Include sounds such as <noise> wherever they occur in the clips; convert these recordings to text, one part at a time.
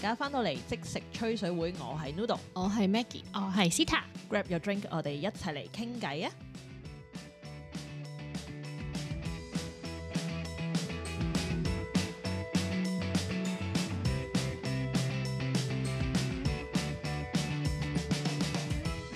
而家翻到嚟即食吹水會，我係 Noodle，我係 Maggie，我係 Zita，Grab your drink，我哋一齊嚟傾偈啊！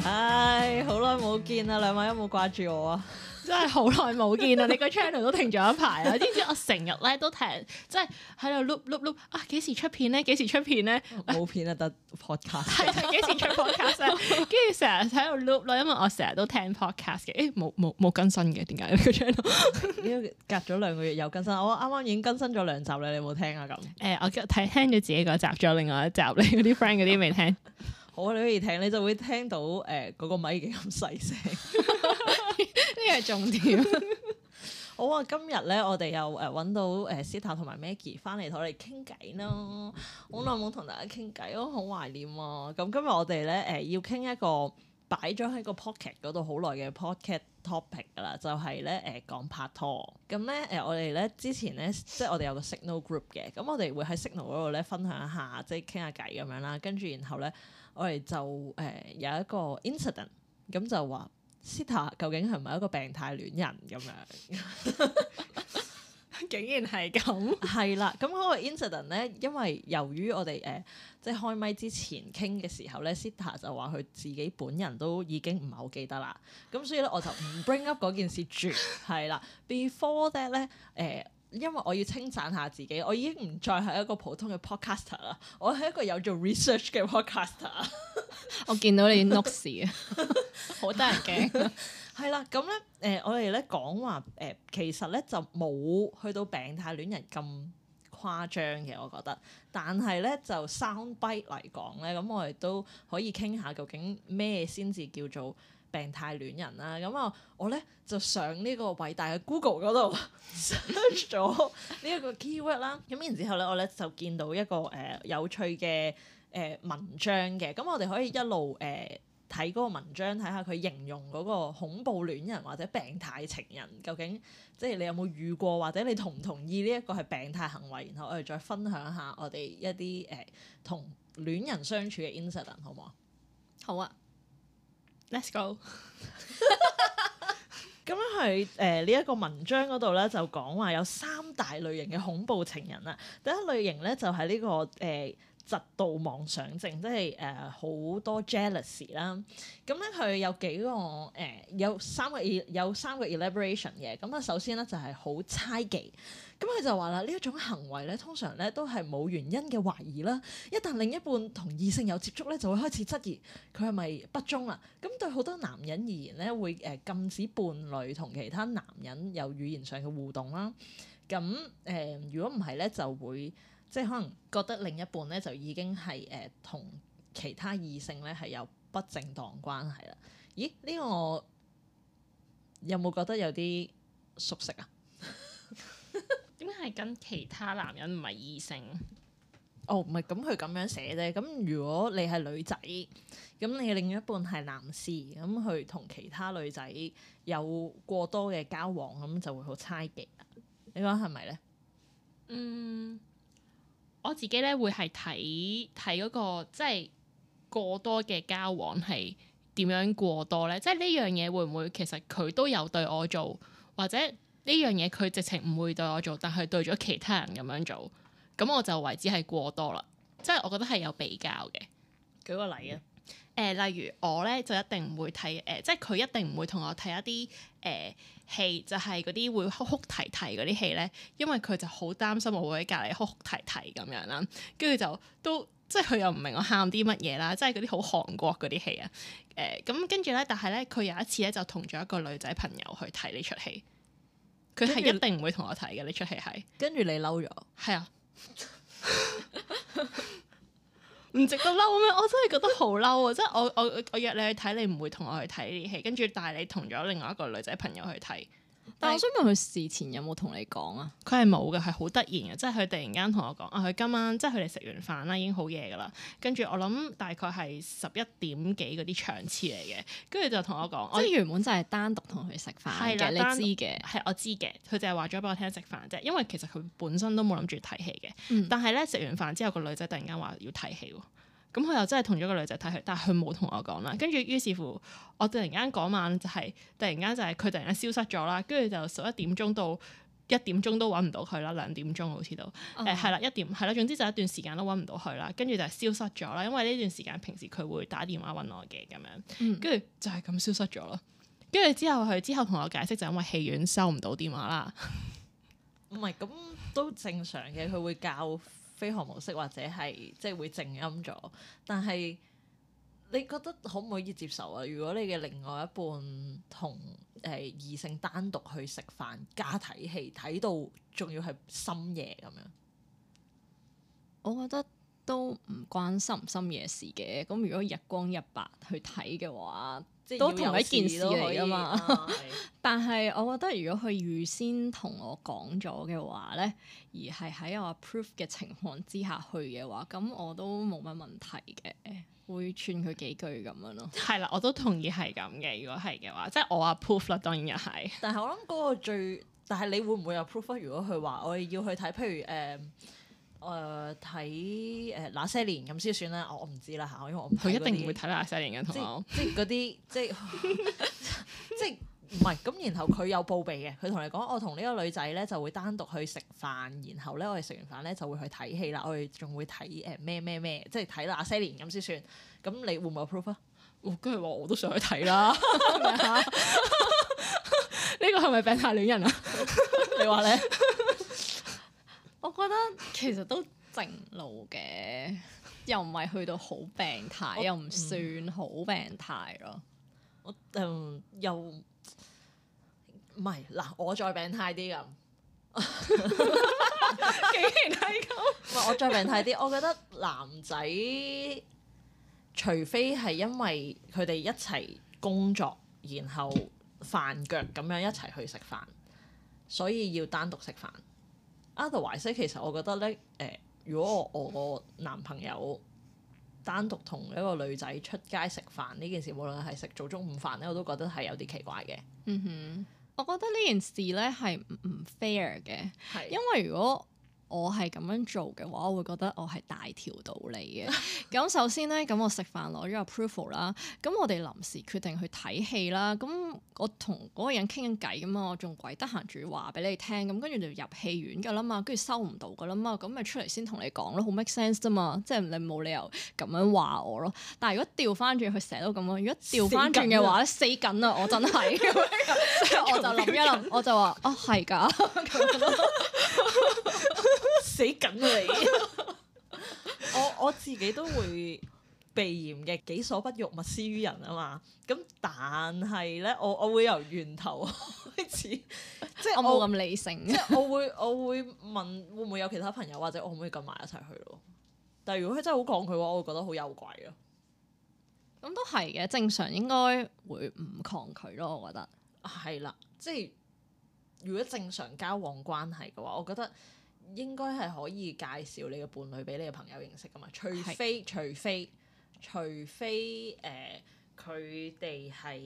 唉，好耐冇見啦，兩位有冇掛住我啊？真係好耐冇見啦！ <laughs> 你個 channel 都停咗一排啊！ <laughs> 知唔知我成日咧都聽，即係喺度碌碌碌。啊！幾時出片咧？幾時出片咧？冇片啊，得 podcast 係幾時出 podcast 啊？跟住成日喺度碌 o 咯， <laughs> <laughs> loop，因為我成日都聽 podcast 嘅。誒冇冇冇更新嘅，點解你個 channel？隔咗兩個月又更新。我啱啱已經更新咗兩集啦，你冇聽啊？咁 <laughs> 誒、呃，我睇聽咗自己個集，仲有另外一集你嗰啲 friend 嗰啲未聽， <laughs> 好、啊、你可以聽，你就會聽到誒嗰、呃嗰個麥已經咁細聲。 <laughs> 呢個重點。 <laughs> 好啊，今日咧，我哋又誒搵到誒、呃、Zita 同埋 Maggie 翻嚟同我哋傾偈咯。好耐冇同大家傾偈咯，好懷念啊、哦！咁、嗯、今日我哋咧誒要傾一個擺咗喺個 podcast 嗰度好耐嘅 podcast topic 噶啦，就係咧誒講拍拖。咁咧誒我哋咧之前咧即係我哋有個 signal group 嘅，咁我哋會喺 signal 嗰度咧分享一下，即係傾下偈咁樣啦。跟住然後咧，我哋就誒、呃、有一個 incident，咁就話。Zita 究竟係唔係一個病態戀人咁 <laughs> <laughs> 樣？竟然係咁，係啦。咁嗰個 incident 咧，因為由於我哋誒、呃，即係開麥之前傾嘅時候咧，Zita 就話佢自己本人都已經唔係好記得啦。咁 <laughs> 所以咧，我就唔 bring up 嗰件事住係啦。 <laughs> Before that 咧、呃，誒。因為我要稱讚下自己，我已經唔再係一個普通嘅 podcaster 啦，我係一個有做 research 嘅 podcaster。 <laughs> 我見到你 n o o k 屎，好得人驚。係啦，咁咧，誒，我哋咧講話，誒，其實咧就冇去到病態戀人咁誇張嘅，我覺得。但係咧，就 sound bite 嚟講咧，咁我哋都可以傾下，究竟咩先至叫做？病態戀人啦，咁啊，我咧就上呢個偉大嘅 Google 嗰度 search 咗呢一個 keyword 啦，咁然之後咧，我咧就見到一個誒、呃、有趣嘅誒、呃、文章嘅，咁我哋可以一路誒睇嗰個文章，睇下佢形容嗰個恐怖戀人或者病態情人究竟即係你有冇遇過，或者你同唔同意呢一個係病態行為？然後我哋再分享下我哋一啲誒同戀人相處嘅 incident，好唔好啊？好啊！Let's go、 <laughs> <laughs> 嗯。咁樣佢誒呢一個文章嗰度咧，就講話有三大類型嘅恐怖情人啦。第一類型咧就係呢、這個誒嫉妒妄想症，即係誒好多 jealousy 啦、啊。咁咧佢有幾個誒、呃、有三個有三個 elaboration 嘅。咁咧首先咧就係好猜忌。咁佢就話啦，呢一種行為咧，通常咧都係冇原因嘅懷疑啦。一旦另一半同異性有接觸咧，就會開始質疑佢係咪不忠啦、啊。咁對好多男人而言咧，會誒禁止伴侶同其他男人有語言上嘅互動啦。咁誒，如果唔係咧，就會即係可能覺得另一半咧就已經係誒同其他異性咧係有不正當關係啦。咦？呢、呢個我有冇覺得有啲熟悉啊？ <laughs> 係跟其他男人，唔係異性，哦唔係，咁佢咁樣寫啫。咁如果你係女仔，咁你另一半係男士，咁佢同其他女仔有過多嘅交往，咁就會好猜忌啊。你講係咪咧？嗯，我自己咧會係睇睇嗰個，即係過多嘅交往係點樣過多咧？即係呢樣嘢會唔會其實佢都有對我做或者？呢樣嘢佢直情唔會對我做，但係對咗其他人咁樣做，咁我就為之係過多啦。即係我覺得係有比較嘅。舉個例啊，誒、嗯呃，例如我咧就一定唔會睇誒、呃，即係佢一定唔會同我睇一啲誒、呃、戲，就係嗰啲會哭哭啼啼嗰啲戲咧，因為佢就好擔心我會喺隔離哭哭啼啼咁樣啦。跟住就都即係佢又唔明我喊啲乜嘢啦，即係嗰啲好韓國嗰啲戲啊。誒咁跟住咧，但係咧佢有一次咧就同咗一個女仔朋友去睇呢出戲。佢係一定唔會同我睇嘅呢出戲，係？跟住你嬲咗？係啊，唔 <laughs> <laughs> 值得嬲咩？我真係覺得好嬲啊！即係我我我約你去睇，你唔會同我去睇呢啲戲，跟住但係你同咗另外一個女仔朋友去睇。但係我想問佢事前有冇同你講啊？佢係冇嘅，係好突然嘅，即係佢突然間同我講啊！佢今晚即係佢哋食完飯啦，已經好夜噶啦。跟住我諗大概係十一點幾嗰啲場次嚟嘅。跟住就同我講，我原本就係單獨同佢食飯嘅，你知嘅係我知嘅。佢就係話咗俾我聽食飯啫。因為其實佢本身都冇諗住睇戲嘅。嗯，但係咧食完飯之後，個女仔突然間話要睇戲喎。咁佢又真係同咗個女仔睇戲，但係佢冇同我講啦。跟住於是乎，我突然間嗰晚就係、是、突然間就係佢突然間消失咗啦。跟住就十一點鐘到一點鐘都揾唔到佢啦，兩點鐘好似都誒，係啦，一點係啦。總之就一段時間都揾唔到佢啦。跟住就係消失咗啦。因為呢段時間平時佢會打電話揾我嘅咁樣，跟住、嗯、就係咁消失咗咯。跟住之後佢之後同我解釋就因為戲院收唔到電話啦。唔係咁都正常嘅，佢會教。飛行模式或者係即係會靜音咗，但係你覺得可唔可以接受啊？如果你嘅另外一半同誒異性單獨去食飯加睇戲，睇到仲要係深夜咁樣，我覺得。都唔關深唔深夜事嘅，咁如果日光日白去睇嘅話，即係都同一件事嚟啊嘛。 <laughs> 是的 但係我覺得如果佢預先同我講咗嘅話咧，而係喺我 approve 嘅情況之下去嘅話，咁我都冇乜問題嘅，會串佢幾句咁樣咯。係啦， <laughs> 我都同意係咁嘅。如果係嘅話，即係我 approve 啦，當然又係。但係我諗嗰個最，但係你會唔會 approve？如果佢話我哋要去睇，譬如誒。呃誒睇誒那些年咁先算啦，我唔知啦吓，因為我唔佢一定唔會睇那些年嘅同我，即係嗰啲即係即係唔係咁？然後佢有報備嘅，佢同你講，我同呢個女仔咧就會單獨去食飯，然後咧我哋食完飯咧就會去睇戲啦，我哋仲會睇誒咩咩咩，即係睇那些年咁先算。咁你會唔會 approve 啊、嗯？跟住話我都想去睇啦，呢個係咪病態戀人啊？ <laughs> 你話咧？我覺得其實都正路嘅，又唔係去到好病態， <laughs> 我又唔算好病態咯。我、嗯、又唔係嗱，我再病態啲咁， <laughs> <laughs> 竟然係咁。唔係我再病態啲，我覺得男仔除非係因為佢哋一齊工作，然後飯腳咁樣一齊去食飯，所以要單獨食飯。Otherwise，其實我覺得咧，誒、呃，如果我我個男朋友單獨同一個女仔出街食飯呢件事，無論係食早中午飯咧，我都覺得係有啲奇怪嘅、嗯哼。我覺得呢件事咧係唔 fair 嘅，的因為如果。我係咁樣做嘅話，我會覺得我係大條道理嘅。咁 <laughs> 首先咧，咁我食飯攞咗 approval 啦。咁我哋臨時決定去睇戲啦。咁我同嗰個人傾緊偈咁嘛，我仲鬼得閒住話俾你聽。咁跟住就入戲院噶啦嘛，跟住收唔到噶啦嘛。咁咪出嚟先同你講咯，好 make sense 啫嘛。即係你冇理由咁樣話我咯。但係如果調翻轉佢成日都咁樣，如果調翻轉嘅話，死緊啊！我真係，所以 <laughs> <laughs> <laughs> 我就諗一諗，我就話啊，係、哦、㗎。 <laughs> <laughs> <laughs> 死梗你！ <laughs> 我我自己都會避嫌嘅，己所不欲，勿施於人啊嘛。咁但係咧，我我會由源頭開始，即係我冇咁理性即，即係我會我會問會唔會有其他朋友或者我唔可，可以咁埋一齊去咯。但係如果佢真係好抗拒嘅話，我會覺得好有鬼咯。咁都係嘅，正常應該會唔抗拒咯。我覺得係啦、啊，即係如果正常交往關係嘅話，我覺得。應該係可以介紹你嘅伴侶俾你嘅朋友認識噶嘛？除非是除非除非誒佢哋係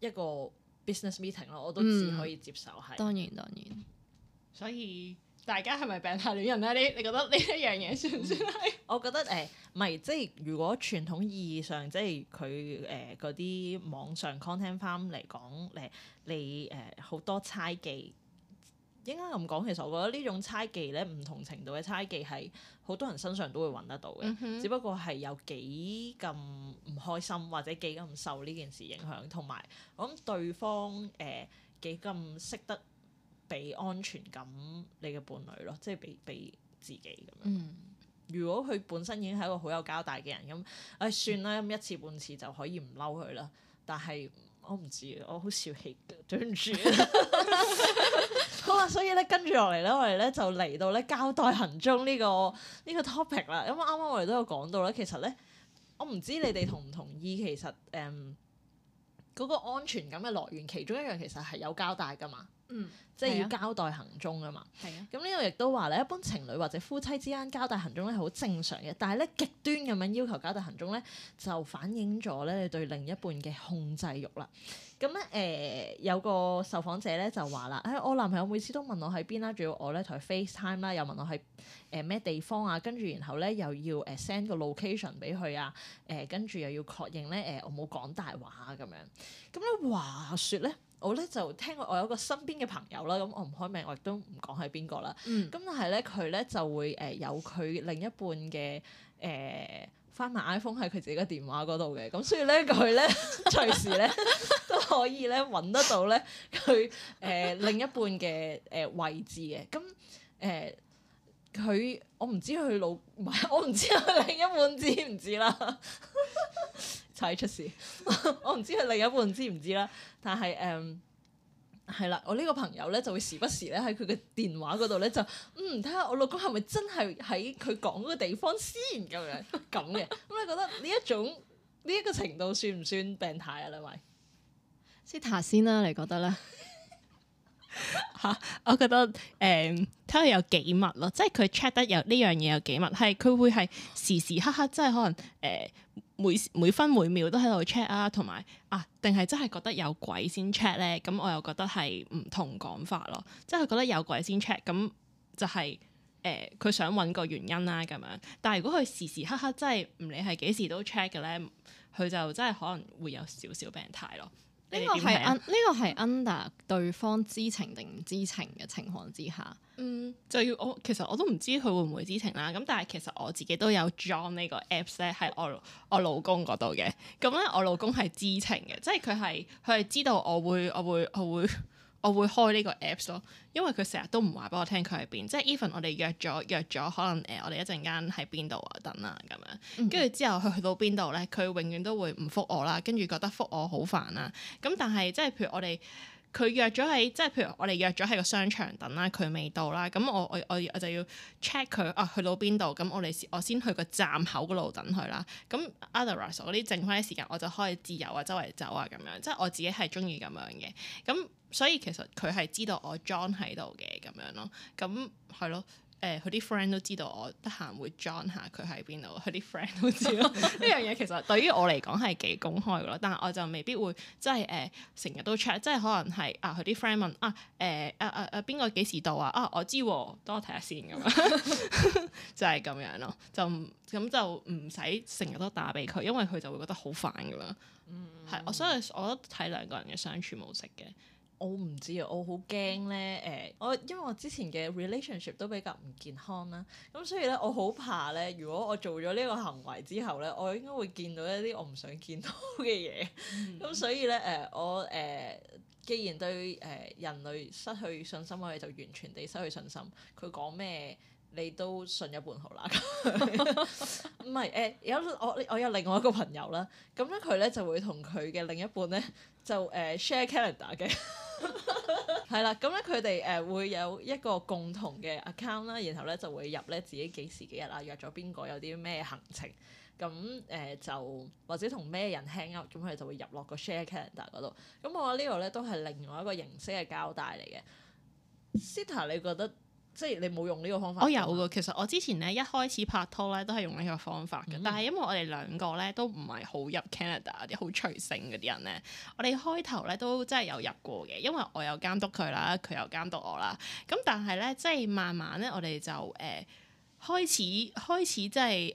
一個 business meeting 咯，我都只可以接受係、嗯是。當然當然。所以大家係咪病態戀人咧？你你覺得呢一樣嘢算唔算係、嗯？ <laughs> 我覺得誒，唔、呃、係即係如果傳統意義上，即係佢誒嗰啲網上 content farm 嚟講誒、呃，你誒好、呃、多猜忌。應該咁講，其實我覺得呢種猜忌咧，唔同程度嘅猜忌喺好多人身上都會揾得到嘅，嗯、哼只不過係有幾咁唔開心，或者幾咁受呢件事影響，同埋我諗對方誒幾咁識得俾安全感你嘅伴侶咯，即係俾俾自己咁樣。嗯、如果佢本身已經係一個好有交代嘅人，咁唉、哎、算啦，咁、嗯、一次半次就可以唔嬲佢啦。但係我唔知，我好小氣嘅，對唔住。 <laughs> <laughs> 好啊，所以咧跟住落嚟咧，我哋咧就嚟到咧交代行蹤呢、呢個呢、呢個 topic 啦。咁啊，啱啱我哋都有講到咧，其實咧，我唔知你哋同唔同意，其實誒嗰、嗯嗰個安全感嘅來源，其中一樣其實係有交代噶嘛。嗯、即係要交代行蹤啊嘛。係啊、嗯，咁呢個亦都話咧，一般情侶或者夫妻之間交代行蹤咧係好正常嘅，但係咧極端咁樣要求交代行蹤咧，就反映咗咧你對另一半嘅控制欲啦。咁咧誒有個受訪者咧就話啦，誒、哎、我男朋友每次都問我喺邊啦，仲要我咧同佢 FaceTime 啦，Time，又問我喺誒咩地方啊，跟住然後咧又要誒 send 個 location 俾佢啊，誒、呃、跟住又要確認咧誒、呃、我冇講大話咁樣。咁咧話説咧。我咧就聽過我有個身邊嘅朋友啦，咁我唔開名，我亦都唔講係邊個啦。咁、嗯、但係咧，佢咧就會誒有佢另一半嘅誒翻、呃、埋 iPhone 喺佢自己嘅電話嗰度嘅，咁所以咧佢咧隨時咧 <laughs> 都可以咧揾得到咧佢誒另一半嘅誒位置嘅，咁、嗯、誒。呃佢，我唔知佢老，唔係，我唔知佢另一半知唔知啦， <laughs> 踩出事， <laughs> 我唔知佢另一半知唔知啦。但係誒，係、嗯、啦，我呢個朋友咧就會時不時咧喺佢嘅電話嗰度咧就嗯睇下我老公係咪真係喺佢講嗰個地方先咁樣咁嘅。咁、嗯你，這個、 <laughs> 你覺得呢一種呢一個程度算唔算病態啊？兩位先睇先啦，你覺得咧？吓，我覺得誒，睇、呃、佢有幾密咯，即係佢 check 得有呢樣嘢有幾密，係佢會係時時刻刻，即係可能誒、呃，每每分每秒都喺度 check 啊，同埋啊，定係真係覺得有鬼先 check 咧？咁我又覺得係唔同講法咯，即係覺得有鬼先 check，咁就係、是、誒，佢、呃、想揾個原因啦、啊、咁樣。但係如果佢時時刻刻即係唔理係幾時都 check 嘅咧，佢就真係可能會有少少病態咯。呢個係 under 呢個係 under 對方知情定唔知情嘅情況之下，嗯，就要我其實我都唔知佢會唔會知情啦。咁但係其實我自己都有 join 呢個 apps 咧，係我我老公嗰度嘅。咁咧我老公係知情嘅，即係佢係佢係知道我會我會我會。我會我會開呢個 apps 咯，因為佢成日都唔話俾我聽佢喺邊，即係 even 我哋約咗約咗，可能誒我哋一陣間喺邊度啊，等啊咁樣，跟住之後佢去到邊度咧，佢永遠都會唔覆我啦，跟住覺得覆我好煩啦，咁但係即係譬如我哋。佢約咗喺，即係譬如我哋約咗喺個商場等啦，佢未到啦，咁我我我就要 check 佢啊，去到邊度，咁我哋我先去個站口嗰度等佢啦。咁 otherwise 嗰啲剩翻啲時間，我就可以自由啊，周圍走啊咁樣，即係我自己係中意咁樣嘅。咁所以其實佢係知道我 John 喺度嘅咁樣咯，咁係咯。誒佢啲 friend 都知道我得閒會 join 下佢喺邊度，佢啲 friend 都知咯。呢樣嘢其實對於我嚟講係幾公開嘅咯，但係我就未必會、呃、check, 即係誒成日都 check 即係可能係啊佢啲 friend 問啊誒啊啊啊邊個幾時到啊？啊我知喎，等我睇下先咁，就係咁樣咯，就咁就唔使成日都打俾佢，因為佢就會覺得好煩噶啦。係、嗯，我所以我都睇兩個人嘅相處模式嘅。我唔知啊，我好驚咧誒，我因為我之前嘅 relationship 都比較唔健康啦，咁所以咧我好怕咧，如果我做咗呢個行為之後咧，我應該會見到一啲我唔想見到嘅嘢，咁、嗯、所以咧誒、呃、我誒、呃、既然對誒人類失去信心，我哋就完全地失去信心，佢講咩你都信一半好啦，唔係誒有我我有另外一個朋友啦，咁咧佢咧就會同佢嘅另一半咧就誒、呃、share calendar 嘅。 <laughs> 係啦，咁咧佢哋誒會有一個共同嘅 account 啦，然後咧就會入咧自己幾時幾日啊，約咗邊個，有啲咩行程，咁、嗯、誒、呃、就或者同咩人 hang up，咁佢就會入落個 share calendar 嗰度。咁、嗯、我覺得呢個咧都係另外一個形式嘅交代嚟嘅。Zita，你覺得？即係你冇用呢個方法？我有噶，其實我之前咧一開始拍拖咧都係用呢個方法嘅，嗯、但係因為我哋兩個咧都唔係好入 Canada 啲好隨性嗰啲人咧，我哋開頭咧都真係有入過嘅，因為我有監督佢啦，佢有監督我啦，咁但係咧即係慢慢咧我哋就誒。欸開始開始即係誒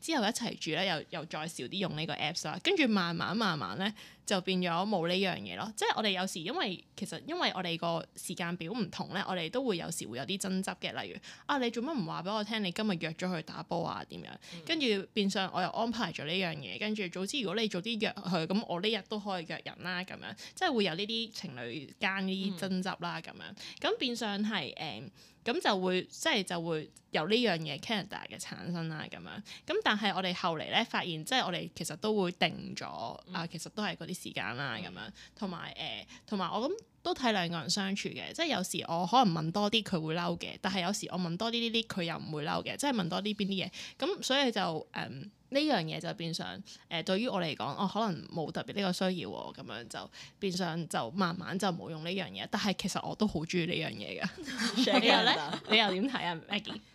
之後一齊住咧，又又再少啲用呢個 Apps 啦。跟住慢慢慢慢咧，就變咗冇呢樣嘢咯。即係我哋有時因為其實因為我哋個時間表唔同咧，我哋都會有時會有啲爭執嘅。例如啊，你做乜唔話俾我聽？你今日約咗去打波啊？點樣？跟住變相我又安排咗呢樣嘢。跟住早知如果你早啲約佢，咁我呢日都可以約人啦。咁樣即係會有呢啲情侶間呢啲爭執啦。咁樣咁變相係誒。呃咁就會即係、就是、就會有呢樣嘢 Canada 嘅產生啦咁樣，咁但係我哋後嚟咧發現，即、就、係、是、我哋其實都會定咗啊、呃，其實都係嗰啲時間啦咁樣，同埋誒，同埋、呃、我咁都睇兩個人相處嘅，即係有時我可能問多啲佢會嬲嘅，但係有時我問多啲呢啲佢又唔會嬲嘅，即係問多啲邊啲嘢，咁、嗯、所以就誒。呃呢樣嘢就變相，誒、呃，對於我嚟講，我、哦、可能冇特別呢個需要喎，咁樣就變相，就慢慢就冇用呢樣嘢。但係其實我都好中意呢樣嘢嘅。你又咧？ <laughs> 你又點睇啊，Maggie？ <laughs>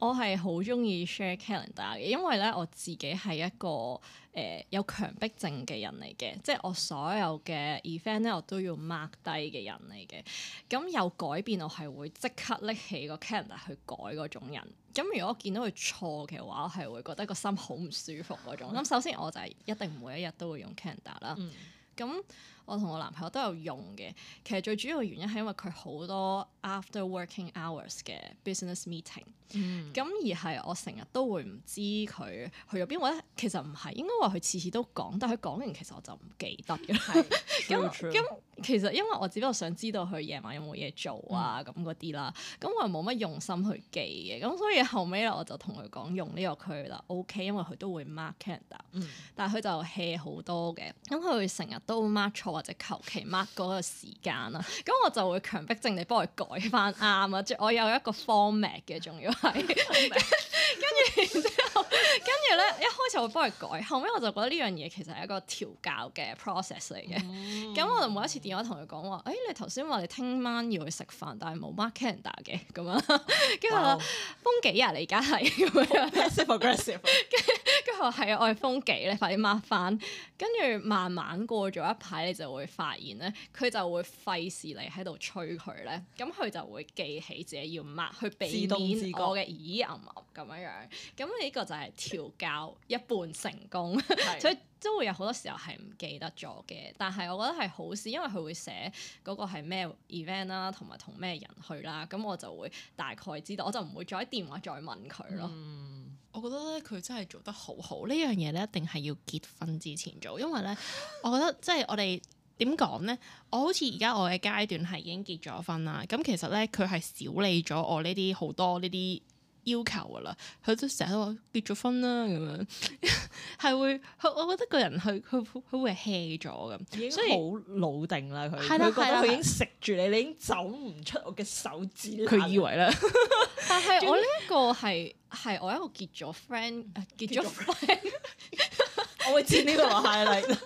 我係好中意 share calendar 嘅，因為咧我自己係一個誒、呃、有強迫症嘅人嚟嘅，即係我所有嘅 event 咧，我都要 mark 低嘅人嚟嘅。咁有改變，我係會即刻拎起個 calendar 去改嗰種人。咁如果我見到佢錯嘅話，我係會覺得個心好唔舒服嗰種。咁、嗯、首先我就係一定每一日都會用 Canada 啦。咁我同我男朋友都有用嘅，其實最主要嘅原因係因為佢好多 after working hours 嘅 business meeting，咁、嗯、而係我成日都會唔知佢去咗邊位，其實唔係，應該話佢次次都講，但係佢講完其實我就唔記得嘅。咁咁其實因為我只不過想知道佢夜晚有冇嘢做啊咁嗰啲啦，咁、嗯、我又冇乜用心去記嘅。咁所以後尾咧我就同佢講用呢個區啦，OK，因為佢都會 mark calendar 但係佢就 hea 好多嘅，咁佢成日都 mark 錯。或者求其 mark 嗰個時間啦，咁我就會強迫症地幫佢改翻啱啦！即我有一個 format 嘅，仲要係。 <laughs> 跟住然之後，跟住咧一開始我會幫佢改，後尾我就覺得呢樣嘢其實係一個調教嘅 process 嚟嘅。咁、嗯嗯嗯嗯、我就每一次電話同佢講話，誒、欸、你頭先話你聽晚要去食飯，但係冇 mark calendar 嘅咁樣，跟住風紀啊你而家係咁樣，跟跟住話係啊，我係風紀咧，你快啲 mark 返。跟住慢慢過咗一排，你就會發現咧，佢就會費事嚟喺度催佢咧，咁佢就會記起自己要 mark，去避免自自我嘅耳耳㗎嘛。咁樣，咁呢個就係調教一半成功， <laughs> 是所以都會有好多時候係唔記得咗嘅。但係我覺得係好事，因為佢會寫嗰個係咩 event 啦，同埋同咩人去啦，咁我就會大概知道，我就唔會再喺電話再問佢咯。嗯，我覺得咧，佢真係做得好好呢樣嘢咧，這個、一定係要結婚之前做，因為咧，我覺得即係 <laughs> 我哋點講咧，我好似而家我嘅階段係已經結咗婚啦，咁其實咧，佢係少理咗我呢啲好多呢啲。要求噶啦，佢都成日都話結咗婚啦咁樣，係會，我覺得個人係佢佢會 hea 咗咁，已經好老定啦佢，佢以他覺得佢已經食住你，的你已經走唔出我嘅手指，佢以為咧。 <laughs> 但係我呢一個係係我一個結咗 friend 結咗 friend， <laughs> <laughs> 我會接呢個羅海麗。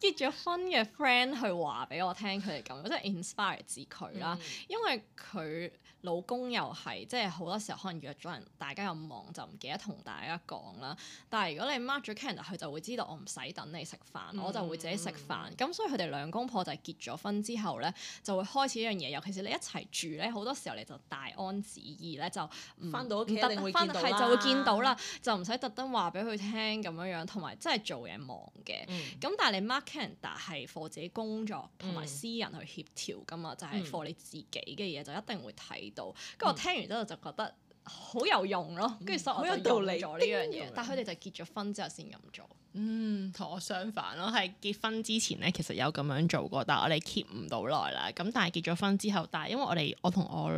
結咗婚嘅 friend 去話俾我聽，佢哋咁，即係 inspire 自佢啦，嗯嗯因為佢老公又係即係好多時候可能約咗人，大家又忙就唔記得同大家講啦。但係如果你 mark 咗 calendar 佢就會知道我唔使等你食飯，嗯嗯嗯我就會自己食飯，咁所以佢哋兩公婆就係結咗婚之後咧，就會開始一樣嘢，尤其是你一齊住咧，好多時候你就大安旨意咧就翻到屋企一定會見到啦，就會見到啦，就唔使特登話俾佢聽咁樣樣同埋真係做嘢忙嘅。咁、嗯、但係你 mark Calendar 係 for 自己工作同埋私人去協調㗎嘛，嗯、就係 for 你自己嘅嘢，嗯、就一定會睇到。跟住、嗯、我聽完之後就覺得好有用咯。跟住所以我有道理咗呢樣嘢，但係佢哋就結咗婚之後先咁做。嗯，同我相反咯，係結婚之前咧，其實有咁樣做過，但係我哋 keep 唔到耐啦。咁但係結咗婚之後，但係因為我哋我同我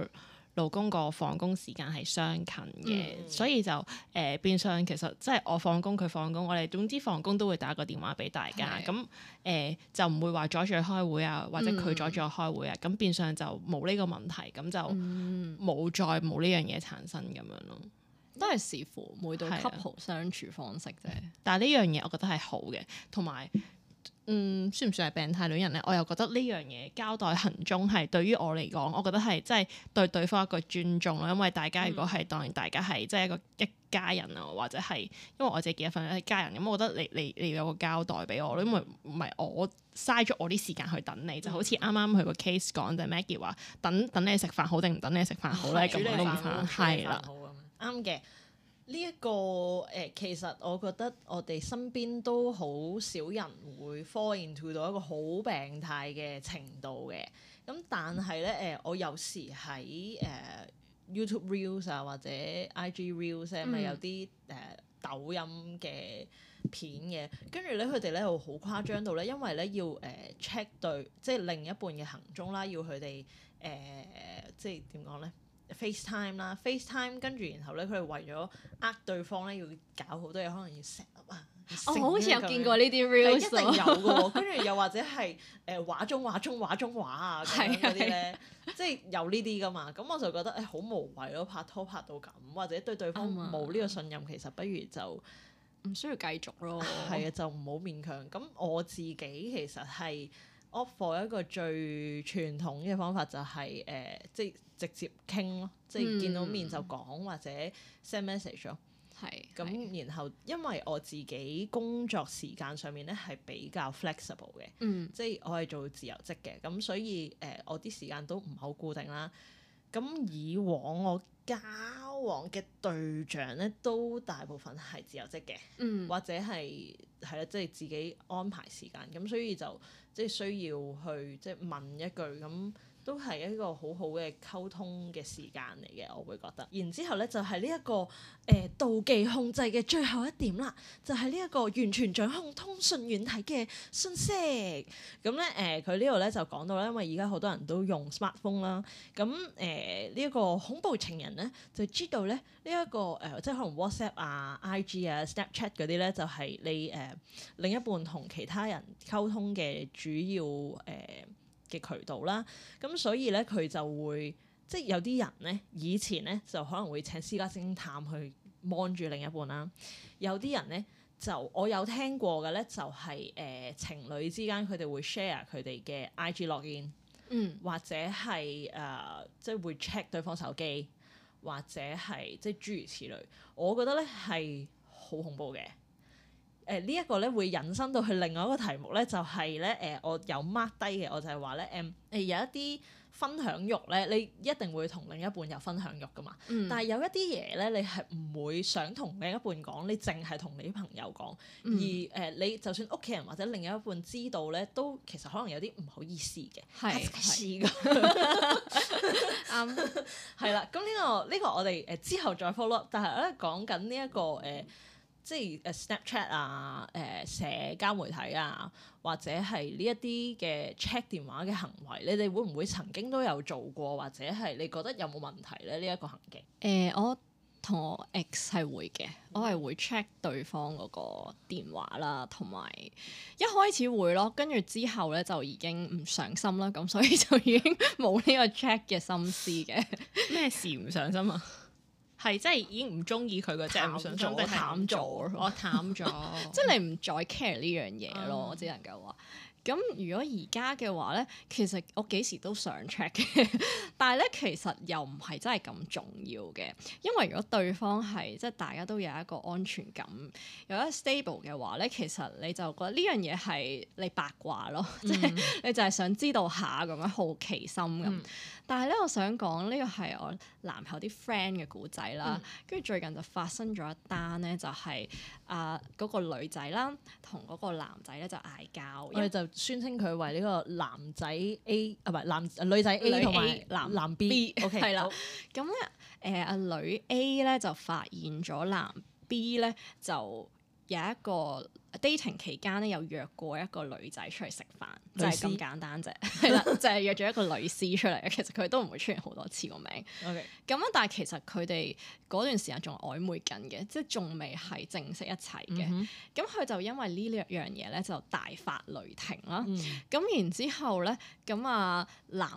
老公個放工時間係相近嘅，嗯、所以就誒、呃、變相其實即係我放工佢放工，我哋總之放工都會打個電話俾大家咁誒的、呃，就唔會話阻住佢開會啊，或者佢阻住開會啊，咁、嗯、變相就冇呢個問題，咁就冇再冇呢樣嘢產生咁樣咯、嗯，都係視乎每對 couple 的相處方式啫。但係呢樣嘢我覺得係好嘅，同埋。嗯，算唔算係病態戀人咧？我又覺得呢樣嘢交代行蹤係對於我嚟講，我覺得係即係對對方一個尊重咯。因為大家如果係當然，大家係即係一個一家人啊，或者係因為我自己結咗婚一家人咁，我覺得你你你要有個交代俾我，因為唔係我嘥咗我啲時間去等你，就好似啱啱佢個 case 講就係、是、Maggie 話等等你食飯好定唔等你食飯好咧，咁我都唔翻，係啦，啱嘅對。呢一、這個誒、呃，其實我覺得我哋身邊都好少人會 fall into 到一個好病態嘅程度嘅。咁但係咧誒，我有時喺誒、呃、YouTube reels 啊或者 IG reels 咧、啊，咪、嗯、有啲誒、呃、抖音嘅片嘅。跟住咧，佢哋咧又好誇張到咧，因為咧要誒、呃、check 對，即係另一半嘅行蹤啦，要佢哋誒即係點講咧？FaceTime 啦，FaceTime 跟住然後咧，佢哋為咗呃對方咧，要搞好多嘢，可能要 set up 啊。我、oh, 樣好似有見過呢啲 real，一定有嘅，跟住又或者係誒畫中畫中畫中畫啊咁嗰啲咧，即係、 <laughs> 就是、有呢啲噶嘛。咁 <laughs> 我就覺得誒好、哎、無謂咯，拍拖拍到咁，或者對對方冇呢個信任， <laughs> 其實不如就唔需要繼續咯。係啊，就唔好勉強。咁我自己其實係。Offer 一個最傳統嘅方法就係、是、誒、呃，即係直接傾咯，嗯、即係見到面就講或者 send message 咯，係、嗯。咁然後因為我自己工作時間上面咧係比較 flexible 嘅，嗯、即係我係做自由職嘅，咁所以誒我啲時間都唔好固定啦。咁以往我交往嘅對象咧，都大部分係自由職嘅，嗯、或者係係啦，即係、就是、自己安排時間，咁所以就即係、就是、需要去即係、就是、問一句咁。都係一個好好嘅溝通嘅時間嚟嘅，我會覺得。然之後咧，就係呢一個誒、呃、妒忌控制嘅最後一點啦，就係呢一個完全掌控通訊軟體嘅信息呢。咁咧誒，佢呢度咧就講到啦，因為而家好多人都用 smartphone 啦，咁誒呢一個恐怖情人咧就知道咧呢一、這個誒、呃，即係可能 WhatsApp 啊、IG 啊、Snapchat 嗰啲咧，就係、是、你誒、呃、另一半同其他人溝通嘅主要誒。呃嘅渠道啦，咁所以咧佢就會即係有啲人咧，以前咧就可能會請私家偵探去望住另一半啦。有啲人咧就我有聽過嘅咧、就係，就係誒情侶之間佢哋會 share 佢哋嘅 IG login，嗯，或者係誒、呃、即係會 check 對方手機，或者係即係諸如此類。我覺得咧係好恐怖嘅。誒、呃呢個、呢一個咧會引申到去另外一個題目咧，就係咧誒，我有 mark 低嘅，我就係話咧，誒、呃、誒有一啲分享欲咧，你一定會同另一半有分享欲噶嘛。嗯、晴 但係有一啲嘢咧，你係唔會想同另一半講，你淨係同你啲朋友講。嗯、friend, 而誒，你就算屋企人或者另一半知道咧，都其實可能有啲唔好意思嘅。係、嗯。試係啦，咁呢個呢、呢個呢個我哋誒之後再 follow up，但係咧講緊呢一個誒。呃呃即係誒 Snapchat 啊，誒、呃、社交媒體啊，或者係呢一啲嘅 check 電話嘅行為，你哋會唔會曾經都有做過，或者係你覺得有冇問題咧？呢、這、一個行徑誒、呃，我同我 ex 係會嘅，我係會 check 對方嗰個電話啦，同埋一開始會咯，跟住之後咧就已經唔上心啦，咁所以就已經冇呢個 check 嘅心思嘅。咩事唔上心啊？係真係已經唔中意佢嘅啫，我想做，我淡咗，我淡咗，即係你唔再 care 呢樣嘢咯，嗯、我只能夠話。咁如果而家嘅話咧，其實我幾時都想 check 嘅，但係咧其實又唔係真係咁重要嘅，因為如果對方係即係大家都有一個安全感，有一個 stable 嘅話咧，其實你就覺得呢樣嘢係你八卦咯，嗯、即係你就係想知道下咁樣好奇心咁。嗯但係咧，我想講呢個係我男朋友啲 friend 嘅故仔啦。跟住、嗯、最近就發生咗一單咧、就是，就係啊嗰個女仔啦，同嗰個男仔咧就嗌交，佢就宣稱佢為呢個男仔 A 啊，唔係男女仔 A 同埋男女 A 男 B，OK b 係 Okay, <laughs> 啦。咁咧誒啊女 A 咧就發現咗男 B 咧就。有一個 dating 期間咧，有約過一個女仔出嚟食飯，士就係咁簡單啫，係啦，就係約咗一個女士出嚟。其實佢都唔會出現好多次個名。OK，咁但係其實佢哋嗰段時間仲曖昧緊嘅，即係仲未係正式一齊嘅。咁佢、嗯、哼就因為呢呢樣嘢咧，就大發雷霆啦。咁、嗯、然之後咧，咁啊男。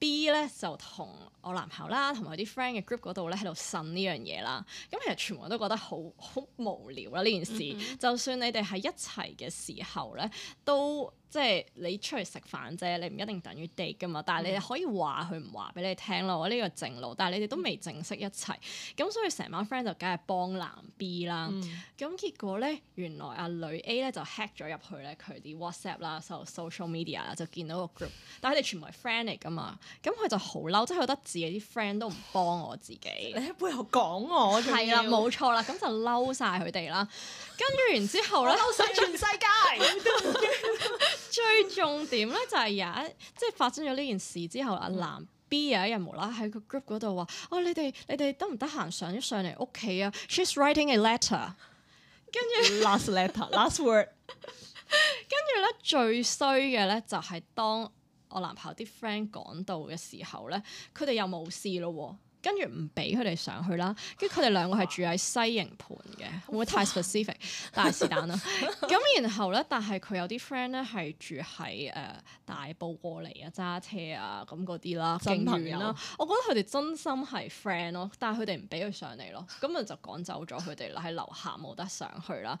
B 咧就同我男朋友啦，同埋啲 friend 嘅 group 嗰度咧喺度呻呢樣嘢啦。咁其實全部人都覺得好好無聊啦、啊、呢件事。嗯嗯就算你哋喺一齊嘅時候咧，都～即係你出去食飯啫，你唔一定等於 date 噶嘛。但係你哋可以話佢唔話俾你聽咯。我呢個正路，但係你哋都未正式一齊，咁所以成班 friend 就梗係幫男 B 啦。咁、嗯、結果咧，原來阿女 A 咧就 hack 咗入去咧佢啲 WhatsApp 啦，甚至 social media 啦，就見到個 group。但係佢哋全部係 friend 嚟噶嘛，咁佢就好嬲，即係覺得自己啲 friend 都唔幫我自己。你喺背後講我，係啦，冇錯啦，咁就嬲晒佢哋啦。跟住完之後咧，嬲曬 <laughs> 全世界。 <laughs> <laughs> 最重點咧就係、是、有一即係發生咗呢件事之後，阿男、嗯、B 有一日無啦啦喺個 group 嗰度話：哦，你哋你哋得唔得閒上一上嚟屋企啊？She's writing a letter， <laughs> 跟住 last letter，last word。 <laughs> <laughs> 跟住咧最衰嘅咧就係、是、當我男朋友啲 friend 講到嘅時候咧，佢哋又冇事咯喎。跟住唔俾佢哋上去啦，跟住佢哋兩個係住喺西營盤嘅，會唔會太 specific？但係是但啦。咁 <laughs> 然後咧，但係佢有啲 friend 咧係住喺誒、呃、大埔過嚟啊，揸車啊咁嗰啲啦，真啦朋友啦。我覺得佢哋真心係 friend 咯，但係佢哋唔俾佢上嚟咯，咁咪就趕走咗佢哋啦，喺樓下冇得上去啦。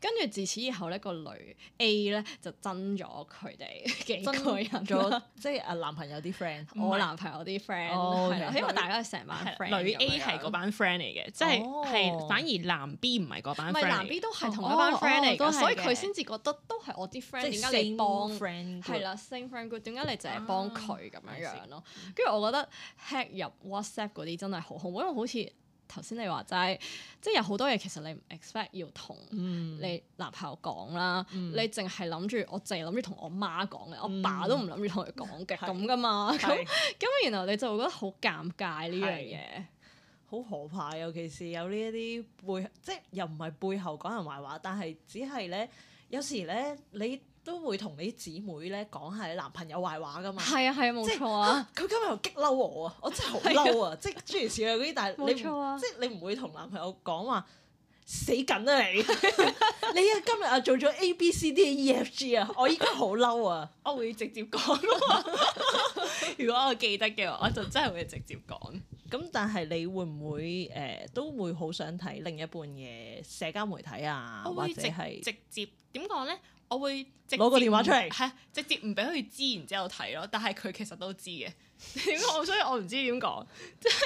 跟住自此以後咧，個女 A 咧就憎咗佢哋幾個人，咗即係啊男朋友啲 friend，我男朋友啲 friend 係啦，因為大家係成班 friend。女 A 係嗰班 friend 嚟嘅，即係係反而男 B 唔係嗰班 friend。唔係男 B 都係同一班 friend 嚟，所以佢先至覺得都係我啲 friend。點解你幫 friend？係啦 same friend group 點解你淨係幫佢咁樣樣咯？跟住我覺得 hack 入 WhatsApp 嗰啲真係好恐怖，因為好似。頭先你話齋，即係有好多嘢其實你唔 expect 要同你男朋友講啦，嗯、你淨係諗住我淨係諗住同我媽講嘅，嗯、我爸都唔諗住同佢講嘅咁噶嘛，咁咁然後你就會覺得好尷尬呢樣嘢，好可怕，尤其是有呢一啲背，即係又唔係背後講人壞話，但係只係咧，有時咧你，都會同你姊妹咧講下你男朋友壞話噶嘛？係啊係啊，冇錯啊！佢今日又激嬲我啊！我真係好嬲啊！啊即係諸如此類嗰啲，但係你錯、啊、即係你唔會同男朋友講話死緊 <laughs> 啊！你你啊今日啊做咗 A B C D E F G 啊！我依家好嬲啊！ <laughs> 我會直接講啊！ <laughs> <laughs> 如果我記得嘅話，我就真係會直接講。咁 <laughs> 但係你會唔會誒、呃、都會好想睇另一半嘅社交媒體啊？或者係直接點講咧？我會直接攞個電話出嚟，係直接唔俾佢知，然之後睇咯。但係佢其實都知嘅，點解，我所以我唔知點講。即係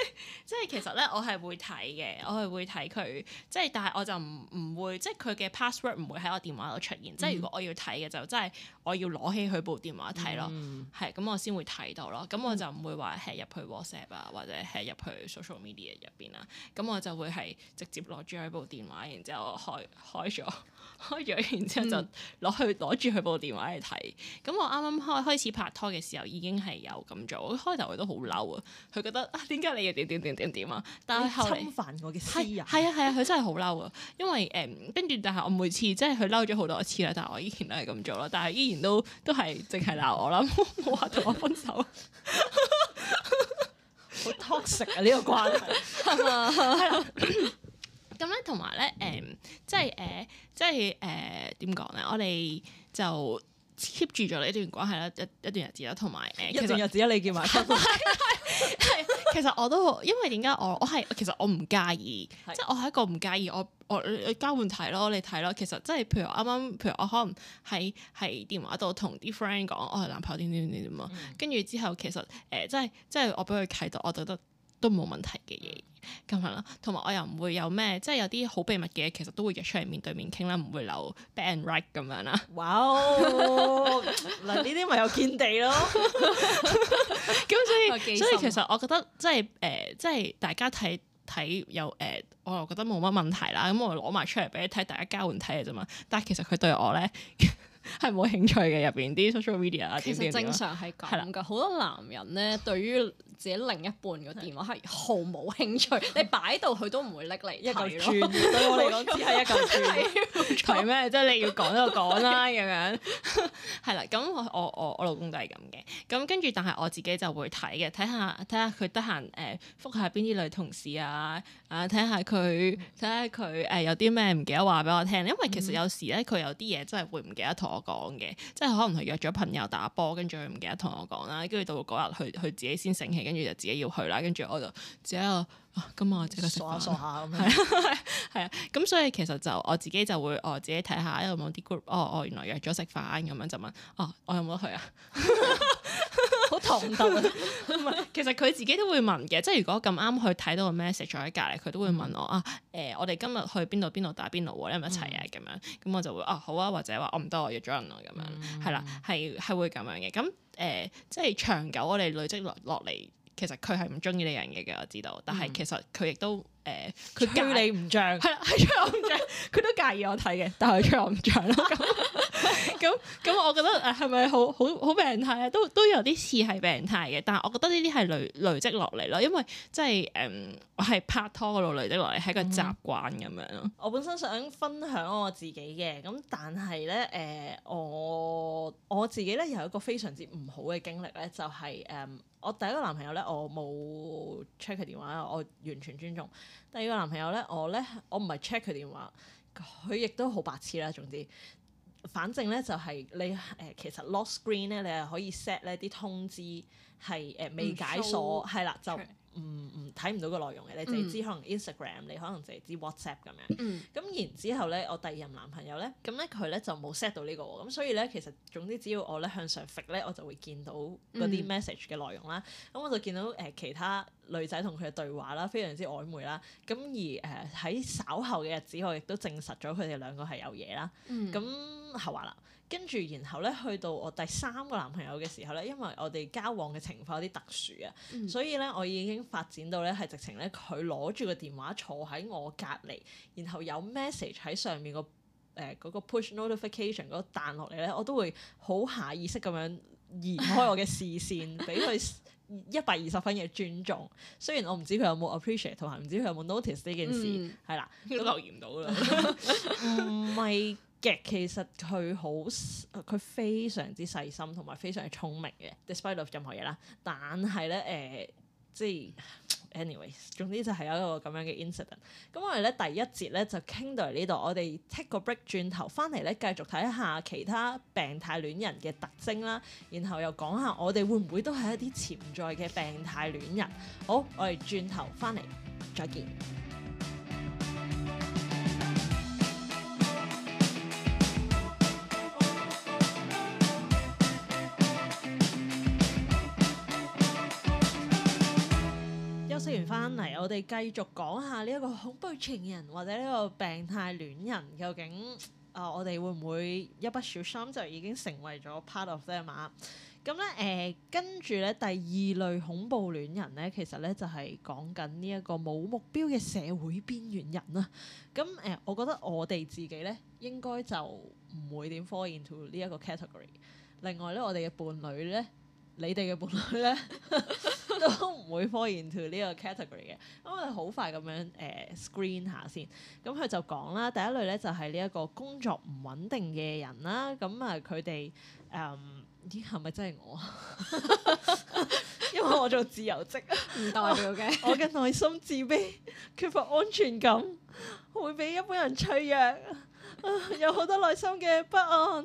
即係其實咧，我係會睇嘅，我係會睇佢。即係但係我就唔唔會，即係佢嘅 password 唔會喺我電話度出現。即係、嗯、如果我要睇嘅就真、係、係我要攞起佢部電話睇咯。係咁、嗯，我先會睇到咯。咁我就唔會話係入去 WhatsApp 啊，或者係入去 social media 入邊啊。咁我就會係直接攞住佢部電話，然之後開開咗。開咗，然之後就攞去攞住佢部電話嚟睇。咁我啱啱開開始拍拖嘅時候，已經係有咁做。開頭佢都好嬲啊，佢覺得點解你又點點點點點啊？但係侵犯我嘅私隱。係啊係啊，佢真係好嬲啊！因為誒，跟住但係我每次即係佢嬲咗好多次啦，但係我以前都係咁做啦，但係依然都都係淨係鬧我啦，冇話同我分手。好 toxic 啊呢個關係。咁咧，同埋咧，誒，即係誒。即係誒點講咧？我哋就 keep 住咗呢段關係啦，一一段日子啦，同埋誒一段日子啦，實你叫埋佢。其實我都好，因為點解我我係其實我唔介意，是即係我係一個唔介意，我我交換睇咯，你睇咯。其實即係譬如我啱啱譬如我可能喺喺電話度同啲 friend 講我係男朋友點點點點啊，跟住、嗯、之後其實誒、呃、即係即係我俾佢睇到，我就得。都冇問題嘅嘢，咁樣啦。同埋我又唔會有咩，即係有啲好秘密嘅嘢，其實都會約出嚟面對面傾啦，唔會留 band right 咁樣啦。哇、哦！嗱，呢啲咪有見地咯。咁 <laughs> <laughs> 所以所以其實我覺得即係誒，即係、呃、大家睇睇有誒、呃，我又覺得冇乜問題啦。咁我攞埋出嚟俾你睇，大家交換睇嘅啫嘛。但係其實佢對我咧。 <laughs> 係冇興趣嘅，入邊啲 social media 啊，其實正常係咁㗎。好的多男人咧，對於自己另一半個電話係毫冇興趣， <laughs> 你擺到佢都唔會拎嚟一嚿磚。 <laughs> 對我嚟講， <laughs> 只係一嚿磚，係咩？ <laughs> <laughs> <laughs> 即係你要講就講啦，咁樣係啦。咁我我我老公就係咁嘅。咁跟住，但係我自己就會睇嘅，睇下睇下佢得閒誒，看看 uh, 覆，覆下邊啲女同事啊。睇下佢，睇下佢，誒有啲咩唔記得話俾我聽？因為其實有時咧，佢有啲嘢真係會唔記得同我講嘅，即係可能係約咗朋友打波，跟住佢唔記得同我講啦，跟住到嗰日佢佢自己先醒起，跟住就自己要去啦，跟住我就自己啊、哦，今日我食下食下咁樣，係啊，咁所以其實就我自己就會，我自己睇下，有冇啲 group，哦哦，原來約咗食飯咁樣，就問，哦，我有冇得去啊？ <laughs> <laughs> 同得啊，唔係，其實佢自己都會問嘅，即係如果咁啱去睇到個 message 坐喺隔離，佢都會問我、嗯、啊，誒、呃，我哋今日去邊度邊度打邊度啊？一唔一一齊啊，咁樣，咁我就會啊，好啊，或者話我唔得，我約咗人咯，咁樣，係啦、嗯，係係會咁樣嘅。咁誒、呃，即係長久我哋累積落落嚟，其實佢係唔中意呢樣嘢嘅，我知道。但係其實佢亦都，嗯誒佢叫你唔像係係出我唔像，佢都 <laughs> 介意我睇嘅，但係出我唔像咯咁咁咁。 <laughs> <laughs> 我覺得誒係咪好好好病態啊？都都有啲似係病態嘅，但係我覺得呢啲係累累積落嚟咯，因為即係誒我係拍拖嗰度累積落嚟，係一個習慣咁樣咯、嗯。我本身想分享我自己嘅，咁但係咧誒我我自己咧又有一個非常之唔好嘅經歷咧，就係、是、誒、嗯、我第一個男朋友咧，我冇 check 佢電話，我完全尊重。第二個男朋友咧，我咧，我唔係 check 佢電話，佢亦都好白痴啦。總之，反正咧就係你誒、呃，其實 lock screen 咧，你係可以 set 咧啲通知係誒未解鎖，係、嗯、啦就。唔唔睇唔到個內容嘅，你就係知可能 Instagram，你可能淨係知 WhatsApp 咁樣。咁、嗯、然之後咧，我第二任男朋友咧，咁咧佢咧就冇 set 到呢個，咁所以咧其實總之只要我咧向上 fit 咧，我就會見到嗰啲 message 嘅內容啦。咁、嗯、我就見到誒、呃、其他女仔同佢嘅對話啦，非常之曖昧啦。咁而誒喺、呃、稍後嘅日子，我亦都證實咗佢哋兩個係有嘢啦。咁後話啦。跟住，然後咧去到我第三個男朋友嘅時候咧，因為我哋交往嘅情況有啲特殊啊，嗯、所以咧我已經發展到咧係直情咧佢攞住個電話坐喺我隔籬，然後有 message 喺上面個誒嗰個 push notification 嗰個彈落嚟咧，我都會好下意識咁樣移開我嘅視線，俾佢一百二十分嘅尊重。雖然我唔知佢有冇 appreciate，同埋唔知佢有冇 notice 呢件事，係啦、嗯，都錯留意唔到啦。唔係。其實佢好，佢非常之細心，同埋非常之聰明嘅，despite of 任何嘢啦。但係咧，誒、呃，即係 anyways，總之就係有一個咁樣嘅 incident。咁我哋咧第一節咧就傾到嚟呢度，我哋 take 個 break，轉頭翻嚟咧繼續睇下其他病態戀人嘅特徵啦，然後又講下我哋會唔會都係一啲潛在嘅病態戀人。好，我哋轉頭翻嚟，再見。我哋繼續講下呢一個恐怖情人，或者呢個病態戀人，究竟啊、呃，我哋會唔會一不小心就已經成為咗 part of them 啊？咁咧誒，跟住咧第二類恐怖戀人咧，其實咧就係講緊呢一個冇目標嘅社會邊緣人啦。咁、嗯、誒、呃，我覺得我哋自己咧應該就唔會點 fall into 呢一個 category。另外咧，我哋嘅伴侶咧。你哋嘅伴侶咧都唔會 fall into 呢個 category 嘅，咁我哋好快咁樣誒 screen 下先。咁佢就講啦，第一類咧就係呢一個工作唔穩定嘅人啦。咁啊佢哋誒，咦係咪真係我？ <laughs> <laughs> 因為我做自由職，唔代表嘅。我嘅內心自卑，缺乏安全感，會比一般人脆弱，有好多內心嘅不安。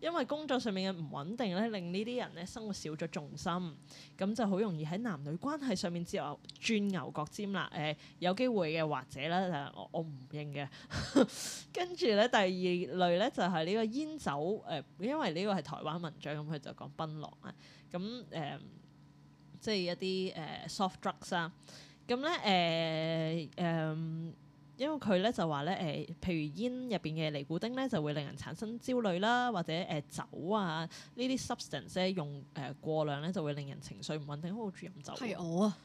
因為工作上面嘅唔穩定咧，令呢啲人咧生活少咗重心，咁就好容易喺男女關係上面之後轉牛角尖啦。誒、呃，有機會嘅或者咧、呃，我我唔認嘅。跟住咧，第二類咧就係、是、呢個煙酒誒、呃，因為呢個係台灣文章，咁佢就講檳榔啊，咁誒，即、呃、係、就是、一啲誒、呃、soft drugs 啊，咁咧誒誒。呃因為佢咧就話咧誒，譬如煙入邊嘅尼古丁咧就會令人產生焦慮啦，或者誒、呃、酒啊呢啲 substance 用誒、呃、過量咧就會令人情緒唔穩定，好鍾意飲酒。係我啊，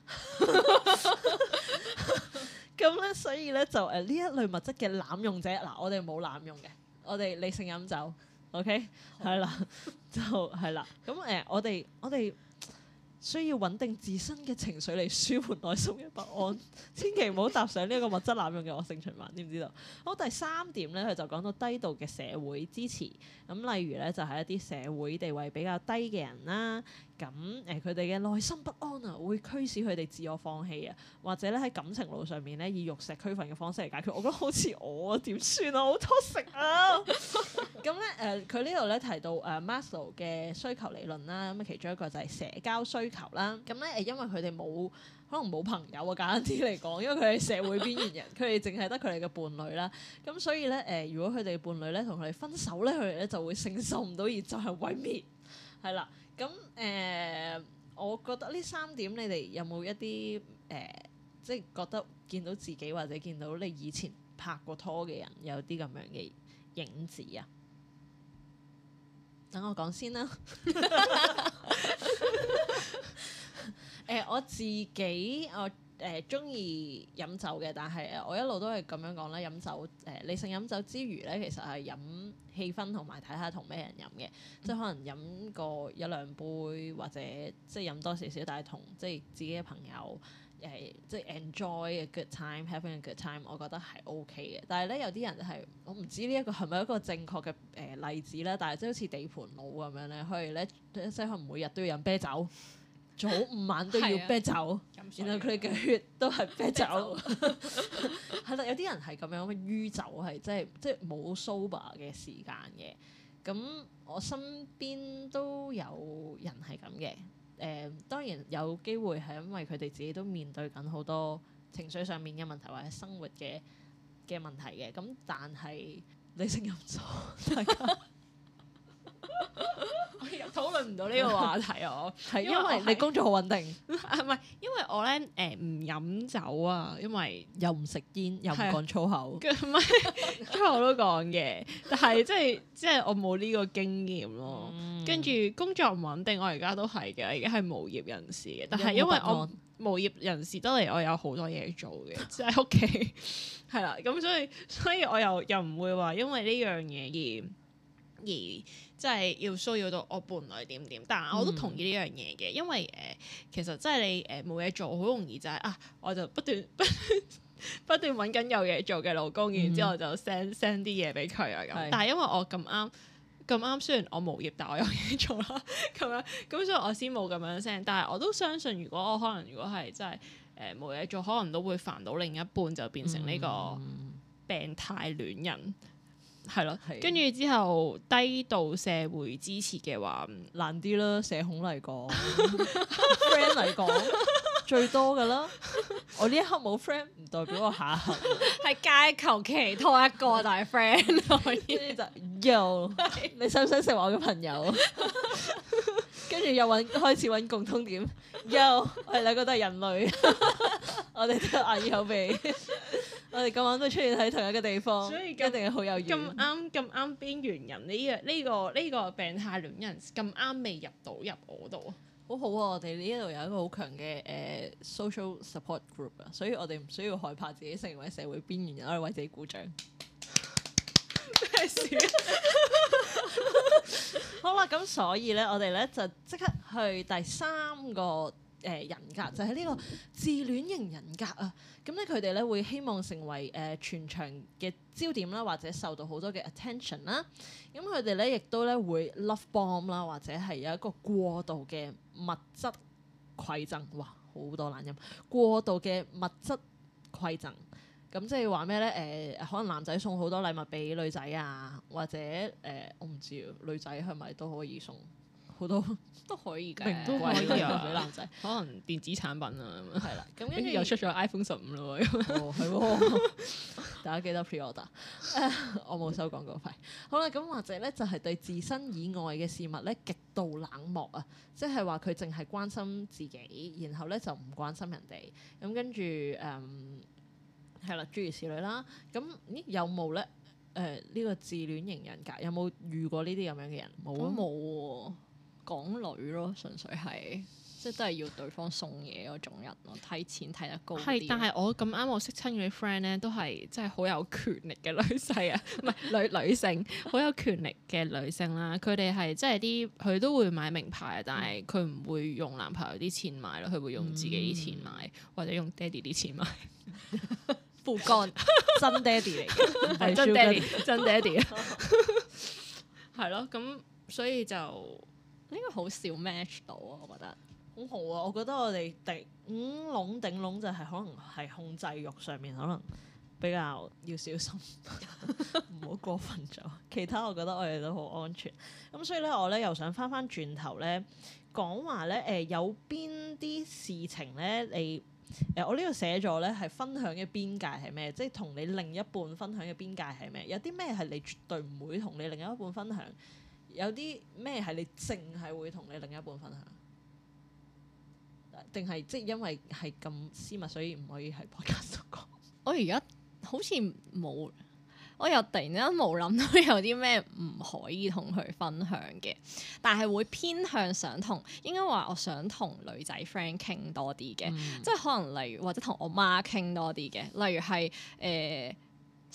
<laughs> <laughs> <laughs> 咁咧所以咧就誒呢、呃、一類物質嘅濫用者嗱，我哋冇濫用嘅，我哋理性飲酒。OK，係啦好， <laughs> 就係啦，咁誒、呃、我哋我哋。我需要穩定自身嘅情緒嚟舒緩內心嘅不安， <laughs> 千祈唔好踏上呢個物質濫用嘅惡性循環，知唔知道？好，第三點咧，佢就講到低度嘅社會支持，咁例如咧就係、是、一啲社會地位比較低嘅人啦。咁誒，佢哋嘅內心不安啊，會驅使佢哋自我放棄啊，或者咧喺感情路上面咧，以玉石俱焚嘅方式嚟解決。我覺得好似我點算啊，好 toxic 啊！咁咧誒，佢呢度咧提到誒、呃、Maslow 嘅需求理論啦，咁啊其中一個就係社交需求啦。咁咧誒，因為佢哋冇可能冇朋友啊，簡單啲嚟講，因為佢哋係社會邊緣人，佢哋淨係得佢哋嘅伴侶啦。咁所以咧誒、呃，如果佢哋伴侶咧同佢哋分手咧，佢哋咧就會承受唔到而就係毀滅。係啦。咁誒、呃，我覺得呢三點你哋有冇一啲誒、呃，即係覺得見到自己或者見到你以前拍過拖嘅人有啲咁樣嘅影子啊？等我講先啦。誒，我自己我。誒中意飲酒嘅，但係我一路都係咁樣講啦。飲酒誒、呃、理性飲酒之餘咧，其實係飲氣氛同埋睇下同咩人飲嘅，嗯、即係可能飲個一兩杯或者即係飲多少少，但係同即係自己嘅朋友誒、呃，即係 enjoy a good time，having a good time，我覺得係 OK 嘅。但係咧，有啲人係我唔知呢一個係咪一個正確嘅誒、呃、例子啦，但係即係好似地盤佬咁樣咧，佢哋咧即係可能每日都要飲啤酒。早午晚都要啤酒，啊、然後佢哋嘅血都係啤酒，係啦，有啲人係咁樣，咩於酒係即係即係冇 sober 嘅時間嘅。咁我身邊都有人係咁嘅，誒、嗯、當然有機會係因為佢哋自己都面對緊好多情緒上面嘅問題或者生活嘅嘅問題嘅。咁但係你先飲咗，係啊。我又討論唔到呢個話題我，我係因為你工作好穩定，唔係因為我咧誒，唔飲酒啊，因為又唔食煙，又唔講粗口，唔係粗口我都講嘅，但係即係即係我冇呢個經驗咯。跟住，嗯、工作唔穩定，我而家都係嘅，而家係無業人士嘅，但係因為我， <laughs> 我無業人士得嚟，我有好多嘢做嘅，即係喺屋企係啦。咁 <laughs> 所以所以我又又唔會話因為呢樣嘢而。而即係要騷擾到我伴侶點點，但係我都同意呢樣嘢嘅，因為誒、呃、其實即係你誒冇嘢做，好容易就係、是、啊，我就不斷不不斷揾緊有嘢做嘅老公，mm hmm. 然之後就 send send 啲嘢俾佢啊咁。是但係因為我咁啱咁啱，雖然我無業，但我有嘢做啦，咁 <laughs> 樣咁所以我先冇咁樣 send。但係我都相信，如果我可能如果係真係誒冇嘢做，可能都會煩到另一半，就變成呢個病態戀人。Mm hmm. 係咯，跟住之後低度社會支持嘅話難啲啦，社恐嚟講，friend 嚟講最多噶啦。我呢一刻冇 friend 唔代表我下一刻，係街求其拖一個大 friend。呢啲就又，你想唔想成為我嘅朋友？跟住 <laughs> <laughs> <laughs> 又揾開始揾共通點又，Yo, 我哋係兩個都係人類。 <laughs> <laughs> <laughs> <laughs> 我哋都硬耳口鼻，我哋今晚都出現喺同一個地方，所以一定係好有緣。咁啱咁啱邊緣人呢、呢個呢、呢個呢、呢個病態戀人，咁啱未入到入我度。好、哦、好啊，我哋呢度有一個好強嘅誒、uh, social support group 啊，所以我哋唔需要害怕自己成為社會邊緣人，我哋為自己鼓掌。好啦、啊，咁所以呢，我哋呢就即刻去第三個。誒人格就係、是、呢、這個自戀型人格啊，咁咧佢哋咧會希望成為誒、呃、全場嘅焦點啦，或者受到好多嘅 attention 啦。咁佢哋咧亦都咧會 love bomb 啦，或者係有一個過度嘅物質饋贈。哇，好多懶音過度嘅物質饋贈。咁即係話咩咧？誒、呃，可能男仔送好多禮物俾女仔啊，或者誒、呃，我唔知啊，女仔係咪都可以送？好多都可以嘅，都可以啊！男仔呀， <laughs> 可能電子產品啊，係啦，咁跟住又出咗 iPhone 十五咯，係喎、 <laughs> 哦！ <laughs> 大家記得 pre order， <laughs> 啊、我冇收廣告費。好啦，咁或者咧就係、是、對自身以外嘅事物咧極度冷漠啊，即係話佢淨係關心自己，然後咧就唔關心人哋。咁跟住誒，係、嗯、啦，諸如此類啦。咁咦有冇咧？誒、呃、呢、這個自戀型人格有冇遇過呢啲咁樣嘅人？冇冇喎。港女咯，純粹係即係都係要對方送嘢嗰種人咯，睇錢睇得高，但係我咁啱我識親嘅 friend 咧，都係即係好有權力嘅女婿啊，唔係女女性好有權力嘅女性啦、啊。佢哋係即係啲佢都會買名牌，但係佢唔會用男朋友啲錢買咯，佢會用自己啲錢買，或者用爹哋啲錢買。副幹真爹哋嚟嘅，真爹哋，真爹哋。係 <laughs> 咯， <laughs> 咁所以就。應該好少 match 到啊，我覺得。好啊，我覺得我哋頂五籠、嗯、頂籠就係可能係控制欲上面，可能比較要小心，唔好 <laughs> <laughs> 過分咗。其他我覺得我哋都好安全。咁所以咧，我咧又想翻翻轉頭咧講話咧，誒、呃、有邊啲事情咧，你、呃、誒我呢個寫咗咧係分享嘅邊界係咩？即係同你另一半分享嘅邊界係咩？有啲咩係你絕對唔會同你另一半分享？有啲咩係你淨係會同你另一半分享，定係即係因為係咁私密，所以唔可以喺大家度講？我而家好似冇，我又突然間冇諗到有啲咩唔可以同佢分享嘅，但係會偏向想同，應該話我想同女仔 friend 傾多啲嘅，嗯、即係可能例如或者同我媽傾多啲嘅，例如係誒。呃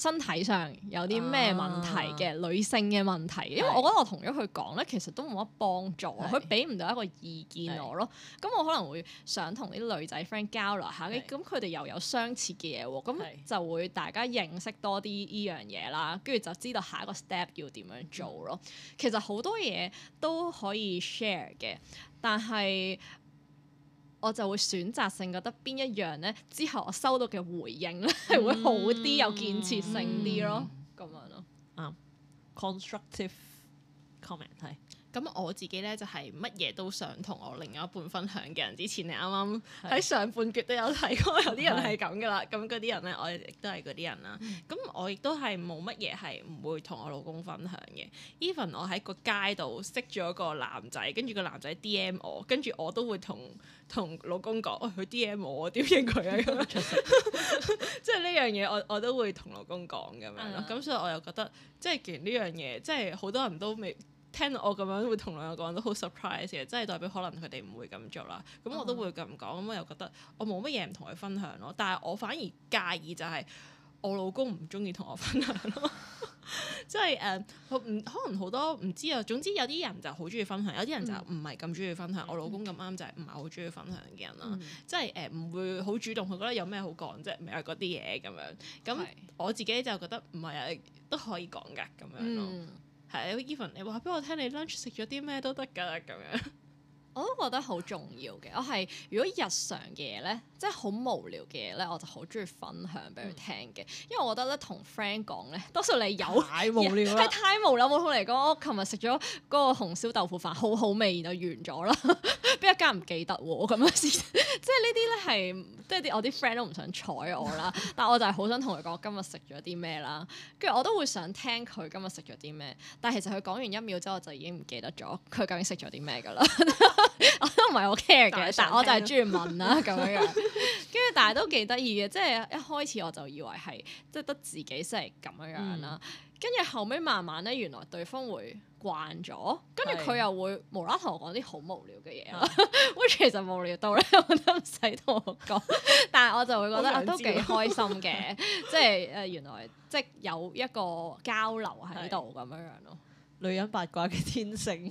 身體上有啲咩問題嘅、啊、女性嘅問題，因為我覺得我同咗佢講咧，其實都冇乜幫助，佢俾唔到一個意見我咯。咁是我可能會想同啲女仔 friend 交流下，咁佢哋又有相似嘅嘢喎，咁是就會大家認識多啲依樣嘢啦，跟住就知道下一個 step 要點樣做咯。是其實好多嘢都可以 share 嘅，但係，我就會選擇性覺得邊一樣咧，之後我收到嘅回應咧 <laughs> 係會好啲，嗯、有建設性啲咯，咁、嗯、樣咯，啱、um,，constructive comment 係。咁我自己咧就係乜嘢都想同我另一半分享嘅人。之前你啱啱喺上半橛都有提過，有啲人係咁噶啦。咁嗰啲人咧，我亦都係嗰啲人啦。咁我亦都係冇乜嘢係唔會同我老公分享嘅。Even 我喺個街度識咗個男仔，跟住個男仔 DM 我，跟住我都會同同老公講，喂，佢 DM 我點應佢啊？咁樣，即係呢樣嘢，我我都會同老公講咁樣咯。咁所以我又覺得，即係既然呢樣嘢，即係好多人都未。聽到我咁樣會同兩個人都好 surprise 嘅，即係代表可能佢哋唔會咁做啦。咁我都會咁講，咁我又覺得我冇乜嘢唔同佢分享咯。但係我反而介意就係我老公唔中意同我分享咯。即係誒，唔、呃、可能好多唔知啊。總之有啲人就好中意分享，有啲人就唔係咁中意分享。嗯、我老公咁啱就係唔係好中意分享嘅人啦。即係誒，唔、就是呃、會好主動，佢覺得有咩好講啫，咪係嗰啲嘢咁樣。咁是我自己就覺得唔係啊，都可以講噶咁樣咯。嗯係啊 even 你話俾我聽，你 lunch 食咗啲咩都得㗎，咁樣。我都覺得好重要嘅。我係如果日常嘅嘢咧，即係好無聊嘅嘢咧，我就好中意分享俾佢聽嘅。因為我覺得咧，同 friend 講咧，多數你有太無聊啦，太無聊冇同你講。我琴日食咗嗰個紅燒豆腐飯，好好味，然後完咗啦。邊 <laughs> 個家人唔記得喎？咁樣先，即係呢啲咧係，即係啲我啲 friend 都唔想睬我啦。但我就係好想同佢講，今日食咗啲咩啦。跟住我都會想聽佢今日食咗啲咩。但係其實佢講完一秒之後，我就已經唔記得咗佢究竟食咗啲咩㗎啦。 <laughs> <laughs> 我都唔係好 care 嘅，但係我就係中意問啦咁樣樣，跟住但係都幾得意嘅，即係一開始我就以為係即係得自己先係咁樣樣啦，跟住、嗯、後尾慢慢咧，原來對方會慣咗，跟住佢又會無啦同我講啲好無聊嘅嘢啊，會是的 <laughs> 其實無聊到咧， <laughs> 我都唔使同我講，但係我就會覺得、嗯啊、都幾開心嘅，即係誒原來即係、就是、有一個交流喺度咁樣樣咯。的 <laughs> 女人八卦嘅天性，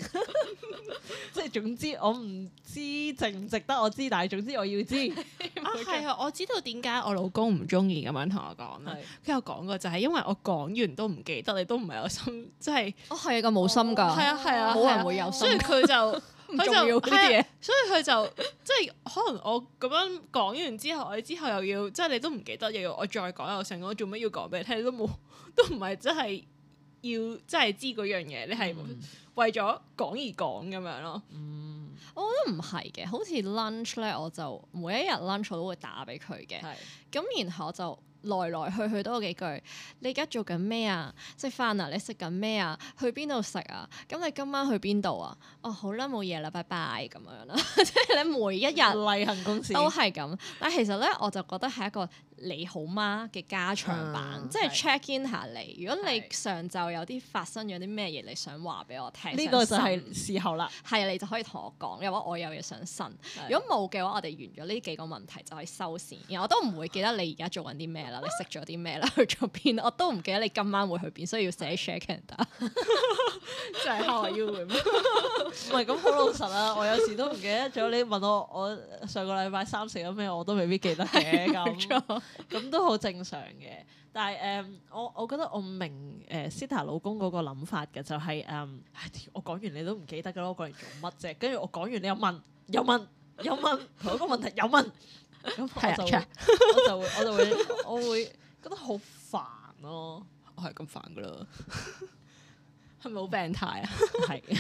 即係總之我唔知值唔值得我知，但係總之我要知。係。 <laughs> 別說 啊，啊，我知道點解我老公唔中意咁樣同我講啦。佢是有講過就係因為我講完都唔記得，你都唔係有心，即係我係咁冇心噶。係啊係啊，冇、啊啊、人會有心，啊啊啊、所以佢就佢 <laughs> 就呢啲嘢，所以佢就即係、就是、可能我咁樣講完之後，我之後又要即係、就是、你都唔記得，又要我再講又成，我做乜要講俾你聽？你都冇，都唔係真係。 <laughs> <laughs> 要真係知嗰樣嘢，你係為咗講而講咁樣咯。嗯，我覺得唔係嘅，好似 lunch 咧，我就每一日 lunch 我都會打俾佢嘅。係是，咁然後我就來來去去都嗰幾句。你而家做緊咩啊？食飯啊？你食緊咩啊？去邊度食啊？咁你今晚去邊度啊？哦，好啦，冇嘢啦，拜拜咁樣咯。即係你每一日例行公事都係咁。但係其實咧，我就覺得係一個。你好嗎嘅加長版，嗯、即係 check in 下你。如果你上晝有啲發生咗啲咩嘢，你想話俾我聽。呢個就係時候啦。係，你就可以同我講。如果我有嘢想呻，是如果冇嘅話，我哋完咗呢幾個問題就係收線。然後我都唔會記得你而家做緊啲咩啦，你食咗啲咩啦， <laughs> 去咗邊？我都唔記得你今晚會去邊，所以要寫 check in 啦。就係 how are you？唔係咁好老實啦，我有時都唔記得咗。你問我，我上個禮拜三食咗咩，我都未必記得嘅咁。 <laughs> <laughs> <laughs> 咁都好正常嘅，但係誒、嗯，我我覺得我唔明誒，Zita 老公嗰個諗法嘅，就係、是、誒、嗯，我講完你都唔記得噶咯，過嚟做乜啫？跟住我講完你又問，又問，又問同一個問題，又問，咁我就我就會 <laughs> 我就會，我，就會，我，就會我會覺得好煩咯，我係咁煩噶啦，係咪好病態啊？係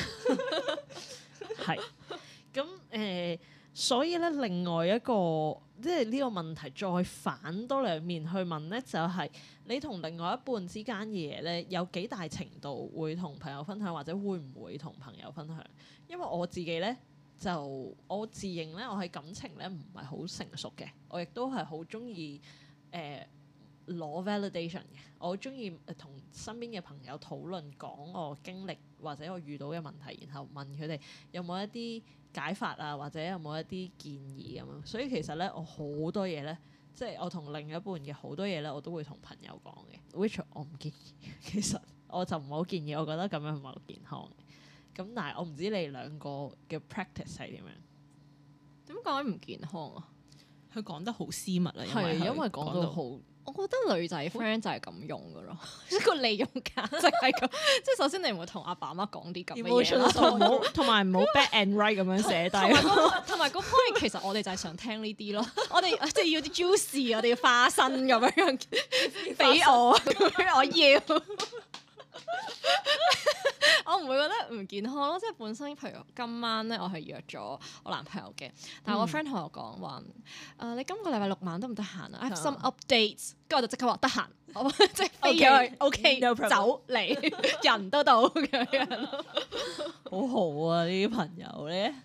係咁誒，所以咧另外一個。即係呢個問題再反多兩面去問咧，就係你同另外一半之間嘅嘢咧，有幾大程度會同朋友分享，或者會唔會同朋友分享？因為我自己咧，就我自認咧，我喺感情咧唔係好成熟嘅，我亦都係好中意誒攞 validation 嘅，我中意同身邊嘅朋友討論講我經歷或者我遇到嘅問題，然後問佢哋有冇一啲。解法啊，或者有冇一啲建議咁樣？所以其實咧，就是、我好多嘢咧，即係我同另一半嘅好多嘢咧，我都會同朋友講嘅。which <laughs> 我唔建議，其實我就唔好建議，我覺得咁樣唔係好健康。咁但係我唔知你兩個嘅 practice 係點樣？點解唔健康啊？佢講得好私密啊，係啊，因為講到好。我覺得女仔 friend 就係咁用嘅咯，一個利用架，即係咁，即係首先你唔會同阿爸媽講啲咁嘅嘢，同埋唔好 bad and right 咁樣寫低，同埋個 point 其實我哋就係想聽呢啲咯，我哋即係要啲 juice，我哋要花生咁樣樣俾我，我要。 <laughs> 我唔會覺得唔健康咯，即係本身，譬如今晚咧，我係約咗我男朋友嘅，但係我 friend 同我講話，誒、嗯呃，你今個禮拜六晚得唔得閒啊？I have some updates，跟住 <laughs> 我就即刻話得閒，我 <laughs> 即係飛咗去，OK，, okay No problem. 走嚟，人都到咁樣， <laughs> <laughs> <laughs> 好好啊，呢啲朋友咧。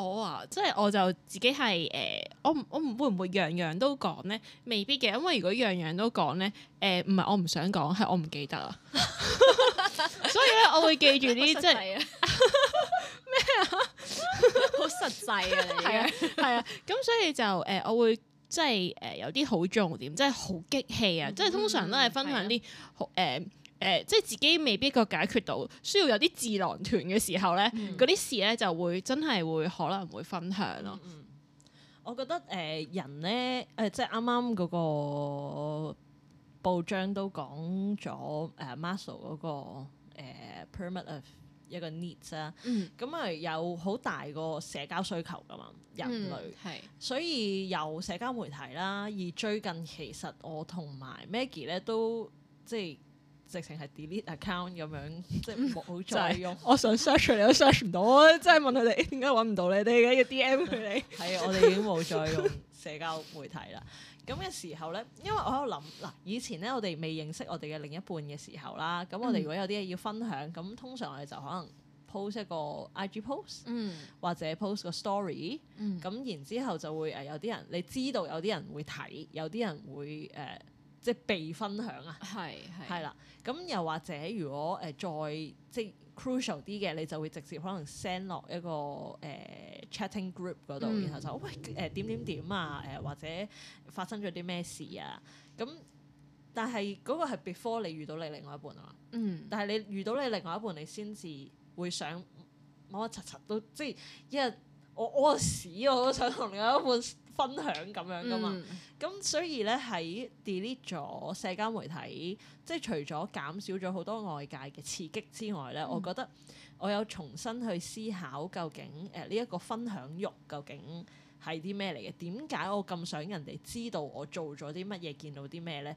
我啊，即係我就自己係誒、呃，我唔我唔會唔會樣樣都講咧，未必嘅，因為如果樣樣都講咧，誒唔係我唔想講，係我唔記得啊，所以咧我會記住啲即係咩啊，好實際嘅，係啊係啊，咁所以就誒我會即係誒有啲好重點，即係好激氣啊，即係、嗯嗯、通常都係分享啲好誒。誒、呃，即係自己未必夠解決到，需要有啲智囊團嘅時候咧，嗰啲、嗯、事咧就會真係會可能會分享咯、嗯。嗯、我覺得誒、呃、人咧，誒、呃、即係啱啱嗰個報章都講咗誒 Maslow 嗰個 Permit of 一個 needs 啊，咁啊、嗯嗯呃、有好大個社交需求噶嘛，人類係，嗯、所以有社交媒體啦。而最近其實我同埋 Maggie 咧都即係直情係 delete account 咁樣，即係冇再用。我想 search 你都 search 唔到，真係問佢哋點解揾唔到你哋咧？而家要 DM 佢哋？係啊，我哋已經冇再用社交媒體啦。咁嘅 <laughs> 時候咧，因為我喺度諗嗱，以前咧我哋未認識我哋嘅另一半嘅時候啦，咁我哋如果有啲嘢要分享，咁通常我哋就可能 post 一個 IG post，嗯、或者 post 個 story。咁、嗯、然之後就會誒有啲人你知道有啲人會睇，有啲人會誒。呃即係被分享啊，係係係啦。咁又或者，如果誒再即係 crucial 啲嘅，你就會直接可能 send 落一個誒、呃、chatting group 嗰度，嗯、然後就喂誒、呃、點點點啊誒、呃、或者發生咗啲咩事啊。咁但係嗰個係 before 你遇到你另外一半啊嘛。嗯。但係你遇到你另外一半，你先至會想乜乜柒柒都即係一。我屙屎，我都想同另外一半分享咁樣㗎嘛。咁、嗯、所以咧，喺 delete 咗社交媒體，即係除咗減少咗好多外界嘅刺激之外咧，嗯、我覺得我有重新去思考究竟誒呢一個分享慾究竟係啲咩嚟嘅？點解我咁想人哋知道我做咗啲乜嘢，見到啲咩咧？誒、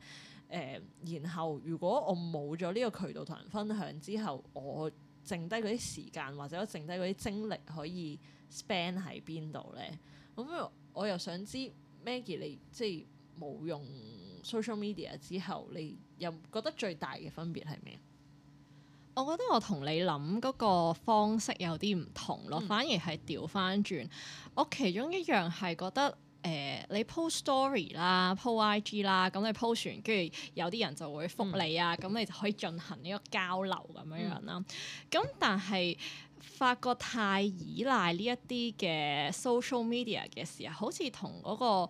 呃，然後如果我冇咗呢個渠道同人分享之後，我剩低嗰啲時間或者剩低嗰啲精力可以 s p a n 喺邊度咧？咁我又想知 Maggie 你即係冇用 social media 之後，你有覺得最大嘅分別係咩？我覺得我同你諗嗰個方式有啲唔同咯，嗯、反而係調翻轉。我其中一樣係覺得。誒、呃，你 post story 啦，post IG 啦，咁你 post 完，跟住有啲人就會覆你啊，咁你就可以進行呢個交流咁樣樣啦。咁但係發覺太依賴呢一啲嘅 social media 嘅時候，好似同嗰個。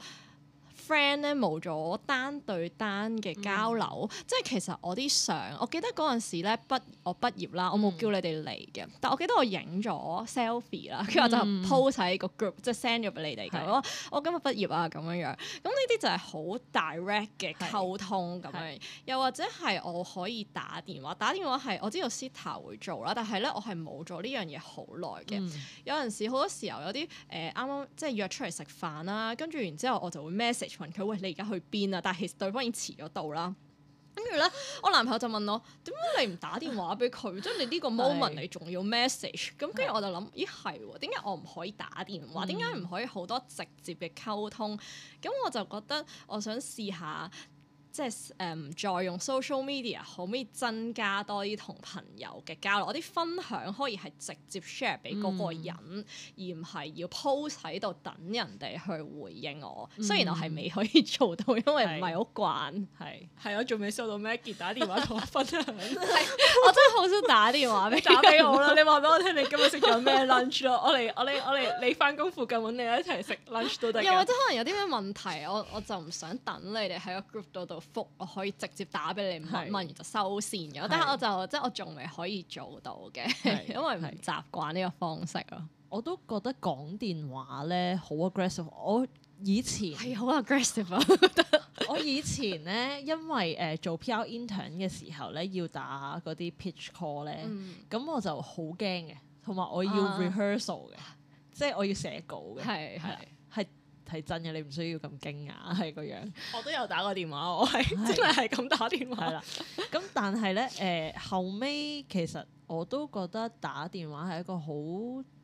friend 咧冇咗單對單嘅交流，嗯、即係其實我啲相，我記得嗰陣時咧畢我畢業啦，我冇叫你哋嚟嘅，嗯、但我記得我影咗 selfie 啦，跟住我就 po 曬喺個 group，即係 send 咗俾你哋，我是我今日畢業啊咁樣是樣，咁呢啲就係好 direct 嘅溝通，咁樣又或者係我可以打電話，打電話係我知道 Zita 會做啦，但係咧我係冇做呢樣嘢好耐嘅，嗯、有陣時好多時候有啲誒啱啱即係約出嚟食飯啦，跟住然之後我就會 message。問佢喂，你而家去邊啊？但係其實對方已經遲咗到啦。跟住咧，我男朋友就問我：點解你唔打電話俾佢？即係 <laughs> 你呢個 moment 你仲要 message？咁跟住我就諗，咦係喎？點解我唔可以打電話？點解唔可以好多直接嘅溝通？咁我就覺得我想試下。即係唔、嗯、再用 social media 可唔可以增加多啲同朋友嘅交流？我啲分享可以係直接 share 俾嗰個人，嗯、而唔係要 post 喺度等人哋去回應我。嗯、雖然我係未可以做到，因為唔係好慣。係係啊，仲未收到 Maggie 打電話同我分享。 <laughs> 我真係好少打電話， <laughs> 你打俾我啦！ <laughs> 你話俾我聽，你今日食咗咩 lunch 咯？我嚟我嚟我嚟，你翻工附近揾你一齊食 lunch 都得。又或者可能有啲咩問題，我我就唔想等你哋喺個 group 度度。復我可以直接打俾你，唔問，問完就收線咗。的但係我就即係的我仲未可以做到嘅，的 <laughs> 因為唔習慣呢個方式咯的。我都覺得講電話咧好 aggressive。我以前係好 aggressive。 <laughs> 我以前咧，因為誒做 PR intern 嘅時候咧，要打嗰啲 pitch call 咧、嗯，咁我就好驚嘅，同埋我要 rehearsal 嘅，即係、啊、我要寫稿嘅，係係的。係真嘅，你唔需要咁驚訝，係個樣。我都有打過電話，我係的真係係咁打電話啦。咁但係咧，誒、呃、後尾其實我都覺得打電話係一個好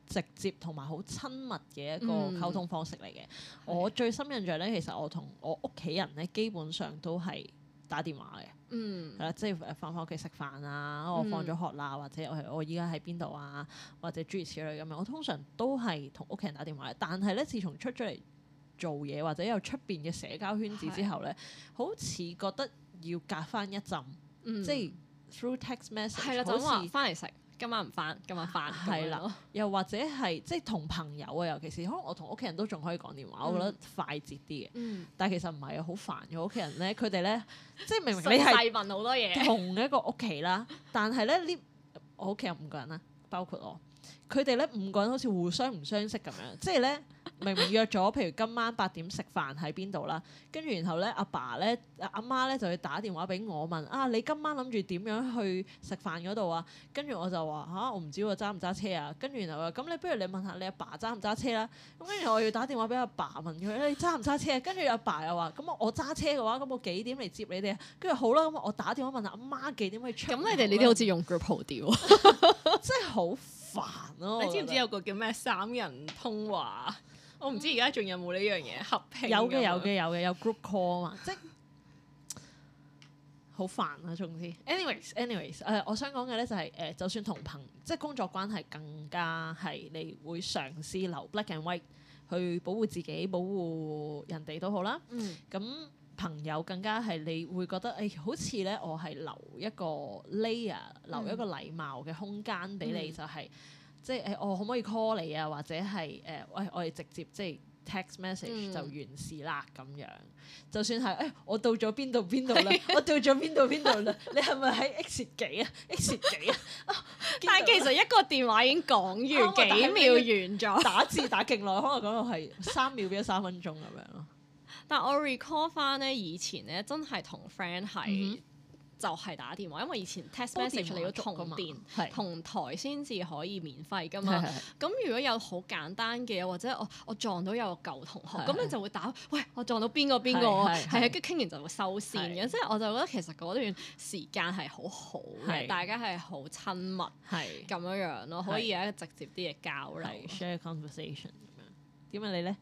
直接同埋好親密嘅一個溝通方式嚟嘅。嗯、我最深印象咧，其實我同我屋企人咧基本上都係打電話嘅。嗯，係啦，即係翻返屋企食飯啊，我放咗學啦，或者我係我依家喺邊度啊，或者諸如此類咁樣。我通常都係同屋企人打電話，但係咧，自從出咗嚟，做嘢或者有出面嘅社交圈子之後咧，是的 好似覺得要隔翻一陣，嗯、即係 through text message，的好似翻嚟食，今晚唔翻，今晚翻，係啦的。 <laughs> 又或者係即係同朋友啊，尤其是可能我同屋企人都仲可以講電話，嗯、我覺得快捷啲嘅。嗯、但係其實唔係啊，好煩嘅屋企人咧，佢哋咧即係明明你係細問好多嘢，同一個屋企啦， <laughs> 但係咧呢，我屋企有五個人啦，包括我。佢哋咧五個人好似互相唔相識咁樣，即係咧明明約咗，譬如今晚八點食飯喺邊度啦，跟住然後咧阿爸咧阿媽咧就要打電話俾我問啊，你今晚諗住點樣去食飯嗰度啊？跟住我就話吓、啊，我唔知喎，揸唔揸車啊？跟住然後咁，你不如你問下你阿爸揸唔揸車啦。咁跟住我要打電話俾阿爸，爸問佢你揸唔揸車？跟住阿爸又話咁我揸車嘅話，咁我，我幾點嚟接你哋啊？跟住好啦，咁我打電話問阿媽，媽幾點可以出。咁你哋你哋好似用 group 好啲、啊、 <laughs> <laughs> 真係好煩咯！你知唔知有個叫咩三人通話？嗯、我唔知而家仲有冇呢樣嘢合拼？有嘅有嘅有嘅有 group call 啊嘛！即係好煩啊，總之。anyways，anyways，誒 anyways，呃，我想講嘅咧就係、是、誒、呃，就算同朋即係工作關係更加係你會嘗試留 black and white 去保護自己、保護人哋都好啦。咁、嗯。朋友更加係你會覺得誒、欸、好似咧，我係留一個 layer，、嗯、留一個禮貌嘅空間俾你，嗯、就係即係誒我可唔可以 call 你啊？或者係誒，喂、呃，我哋直接即係 text message 就完事啦，咁樣就算係誒我到咗邊度邊度啦，我到咗邊度邊度啦，你係咪喺 X 幾啊？X 幾啊？啊 <laughs> <laughs> <laughs> 但係其實一個電話已經講完幾秒完咗，啊、打字打勁耐，可能講到係三秒變咗三分鐘咁樣咯。 <laughs> 但我 recall 翻咧，以前咧真係同 friend 係就係打電話，因為以前 text message 你要同電，同台先至可以免費噶嘛。咁如果有好簡單嘅，或者我我撞到有個舊同學，咁你就會打，喂，我撞到邊個邊個，係啊，跟住傾完就會收線嘅。即係我就覺得其實嗰段時間係好好嘅，大家係好親密，係咁樣樣咯，可以有一個直接啲嘅交流，share conversation 咁樣。點解你咧？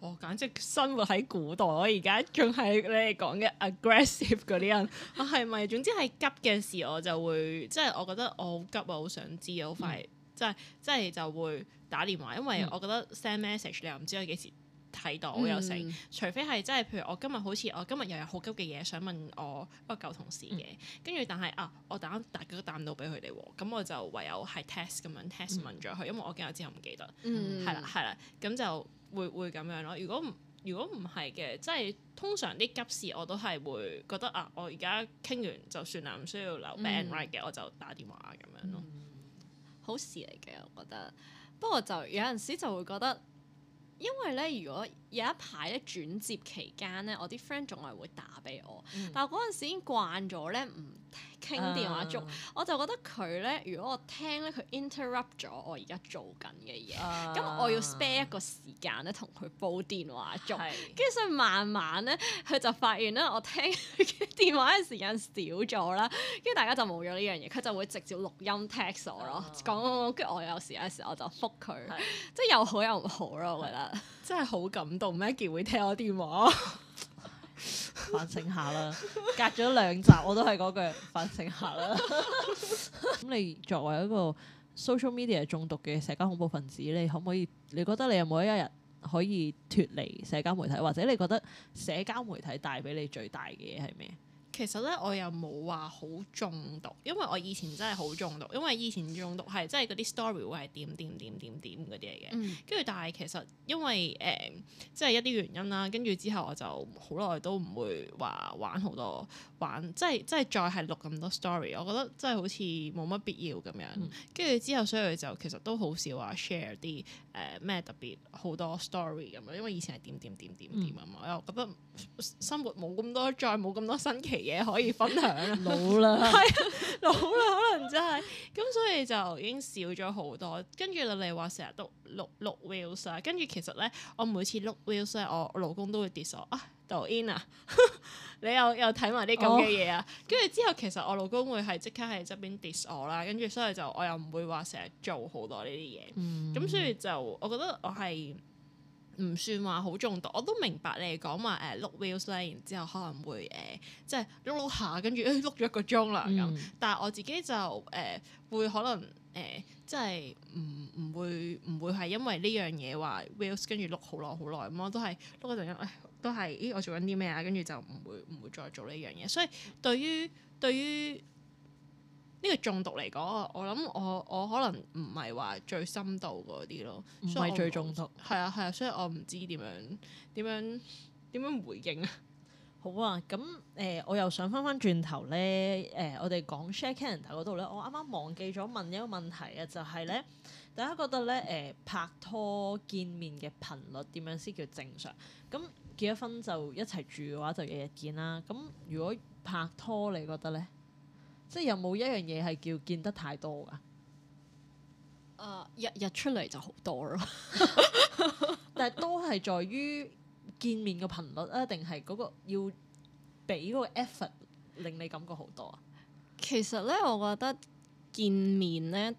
哦，簡直生活喺古代，我而家仲係你哋講嘅 aggressive 嗰啲人，啊係咪？總之係急嘅事我就會，即係我覺得我好急啊，我好想知啊，好快，即係即係就會打電話，因為我覺得 send message 你又唔知我幾時睇到又剩，嗯、除非係即係譬如我今日好似我今日又有好急嘅嘢想問我嗰個舊同事嘅，跟住但係啊，我等大家都彈到俾佢哋喎，咁我就唯有係 test 咁樣、嗯、test 問咗佢，因為我驚我之後唔記得，嗯，係啦係啦，咁就。會會咁樣咯，如果唔如果唔係嘅，即係通常啲急事我都係會覺得啊，我而家傾完就算啦，唔需要留 band right 嘅，嗯、我就打電話咁樣咯、嗯，好事嚟嘅我覺得。不過就有陣時就會覺得，因為咧如果。有一排咧轉接期間咧，我啲 friend 仲係會打俾我，嗯、但係嗰陣時已經慣咗咧唔傾電話粥，uh, 我就覺得佢咧，如果我聽咧，佢 interrupt 咗我而家做緊嘅嘢，咁、uh, 我要 spare 一個時間咧同佢煲電話粥，跟住是所以慢慢咧，佢就發現咧我聽電話嘅時間少咗啦，跟住大家就冇咗呢樣嘢，佢就會直接錄音 text 我咯，講講跟住我有時有陣時我就覆佢，是即係又好又唔好咯，我覺得是 <laughs> 真係好感。度 Maggie 會聽我電話？ <laughs> 反省下啦，隔咗兩集我都係嗰句反省下啦。咁 <laughs> 你作為一個 social media 中毒嘅社交恐怖分子，你可唔可以？你覺得你有冇一日可以脫離社交媒體？或者你覺得社交媒體帶俾你最大嘅嘢係咩？其實咧，我又冇話好中毒，因為我以前真係好中毒，因為以前中毒係即係嗰啲 story 會係點點點點點嗰啲嚟嘅，跟住、嗯、但係其實因為誒即係一啲原因啦，跟住之後我就好耐都唔會話玩好多玩，即係即係再係錄咁多 story，我覺得真係好似冇乜必要咁樣。跟住、嗯、之後，所以就其實都好少話 share 啲誒咩特別好多 story 咁樣，因為以前係點點點點點啊嘛，嗯、我又覺得生活冇咁多再冇咁多新奇嘢可以分享啊，老啦了，係啊，老啦，可能真係咁， <laughs> 所以就已經少咗好多。跟住你哋話成日都碌碌 wills 啊，跟住其實咧，我每次碌 wills 咧，我老公都會 dis 我啊 do in 啊，你又又睇埋啲咁嘅嘢啊。跟 <laughs> 住、哦、之後，其實我老公會係即刻喺側邊 dis 我啦，跟住所以就我又唔會話成日做好多呢啲嘢。咁、嗯、所以就我覺得我係。唔算話好中毒，我都明白你講話誒 look wheels 咧，然之後可能會誒、呃、即係碌碌下，跟住誒 look 咗個鐘啦咁。嗯、但係我自己就誒、呃、會可能誒即係唔唔會唔會係因為呢樣嘢話 wheels 跟住碌好耐好耐咁，我都係碌 o o k 嗰陣間都係咦我做緊啲咩啊？跟住就唔會唔會再做呢樣嘢。所以對於對於。呢個中毒嚟講，我我諗我我可能唔係話最深度嗰啲咯，唔係最中毒。係啊係啊，所以我唔知點樣點樣點樣,樣回應啊。好啊，咁誒、呃、我又想翻翻轉頭咧，誒我哋講 Share Canada 嗰度咧，我啱啱忘記咗問一個問題啊，就係、是、咧，大家覺得咧誒、呃、拍拖見面嘅頻率點樣先叫正常？咁結咗婚就一齊住嘅話就日日見啦。咁如果拍拖你覺得咧？即係有冇一樣嘢係叫見得太多㗎？呃，日日出嚟就好多咯， <laughs> <laughs> 但係都係在於見面嘅頻率啊，定係嗰個要俾嗰個 effort 令你感覺好多啊？其實咧，我覺得見面咧。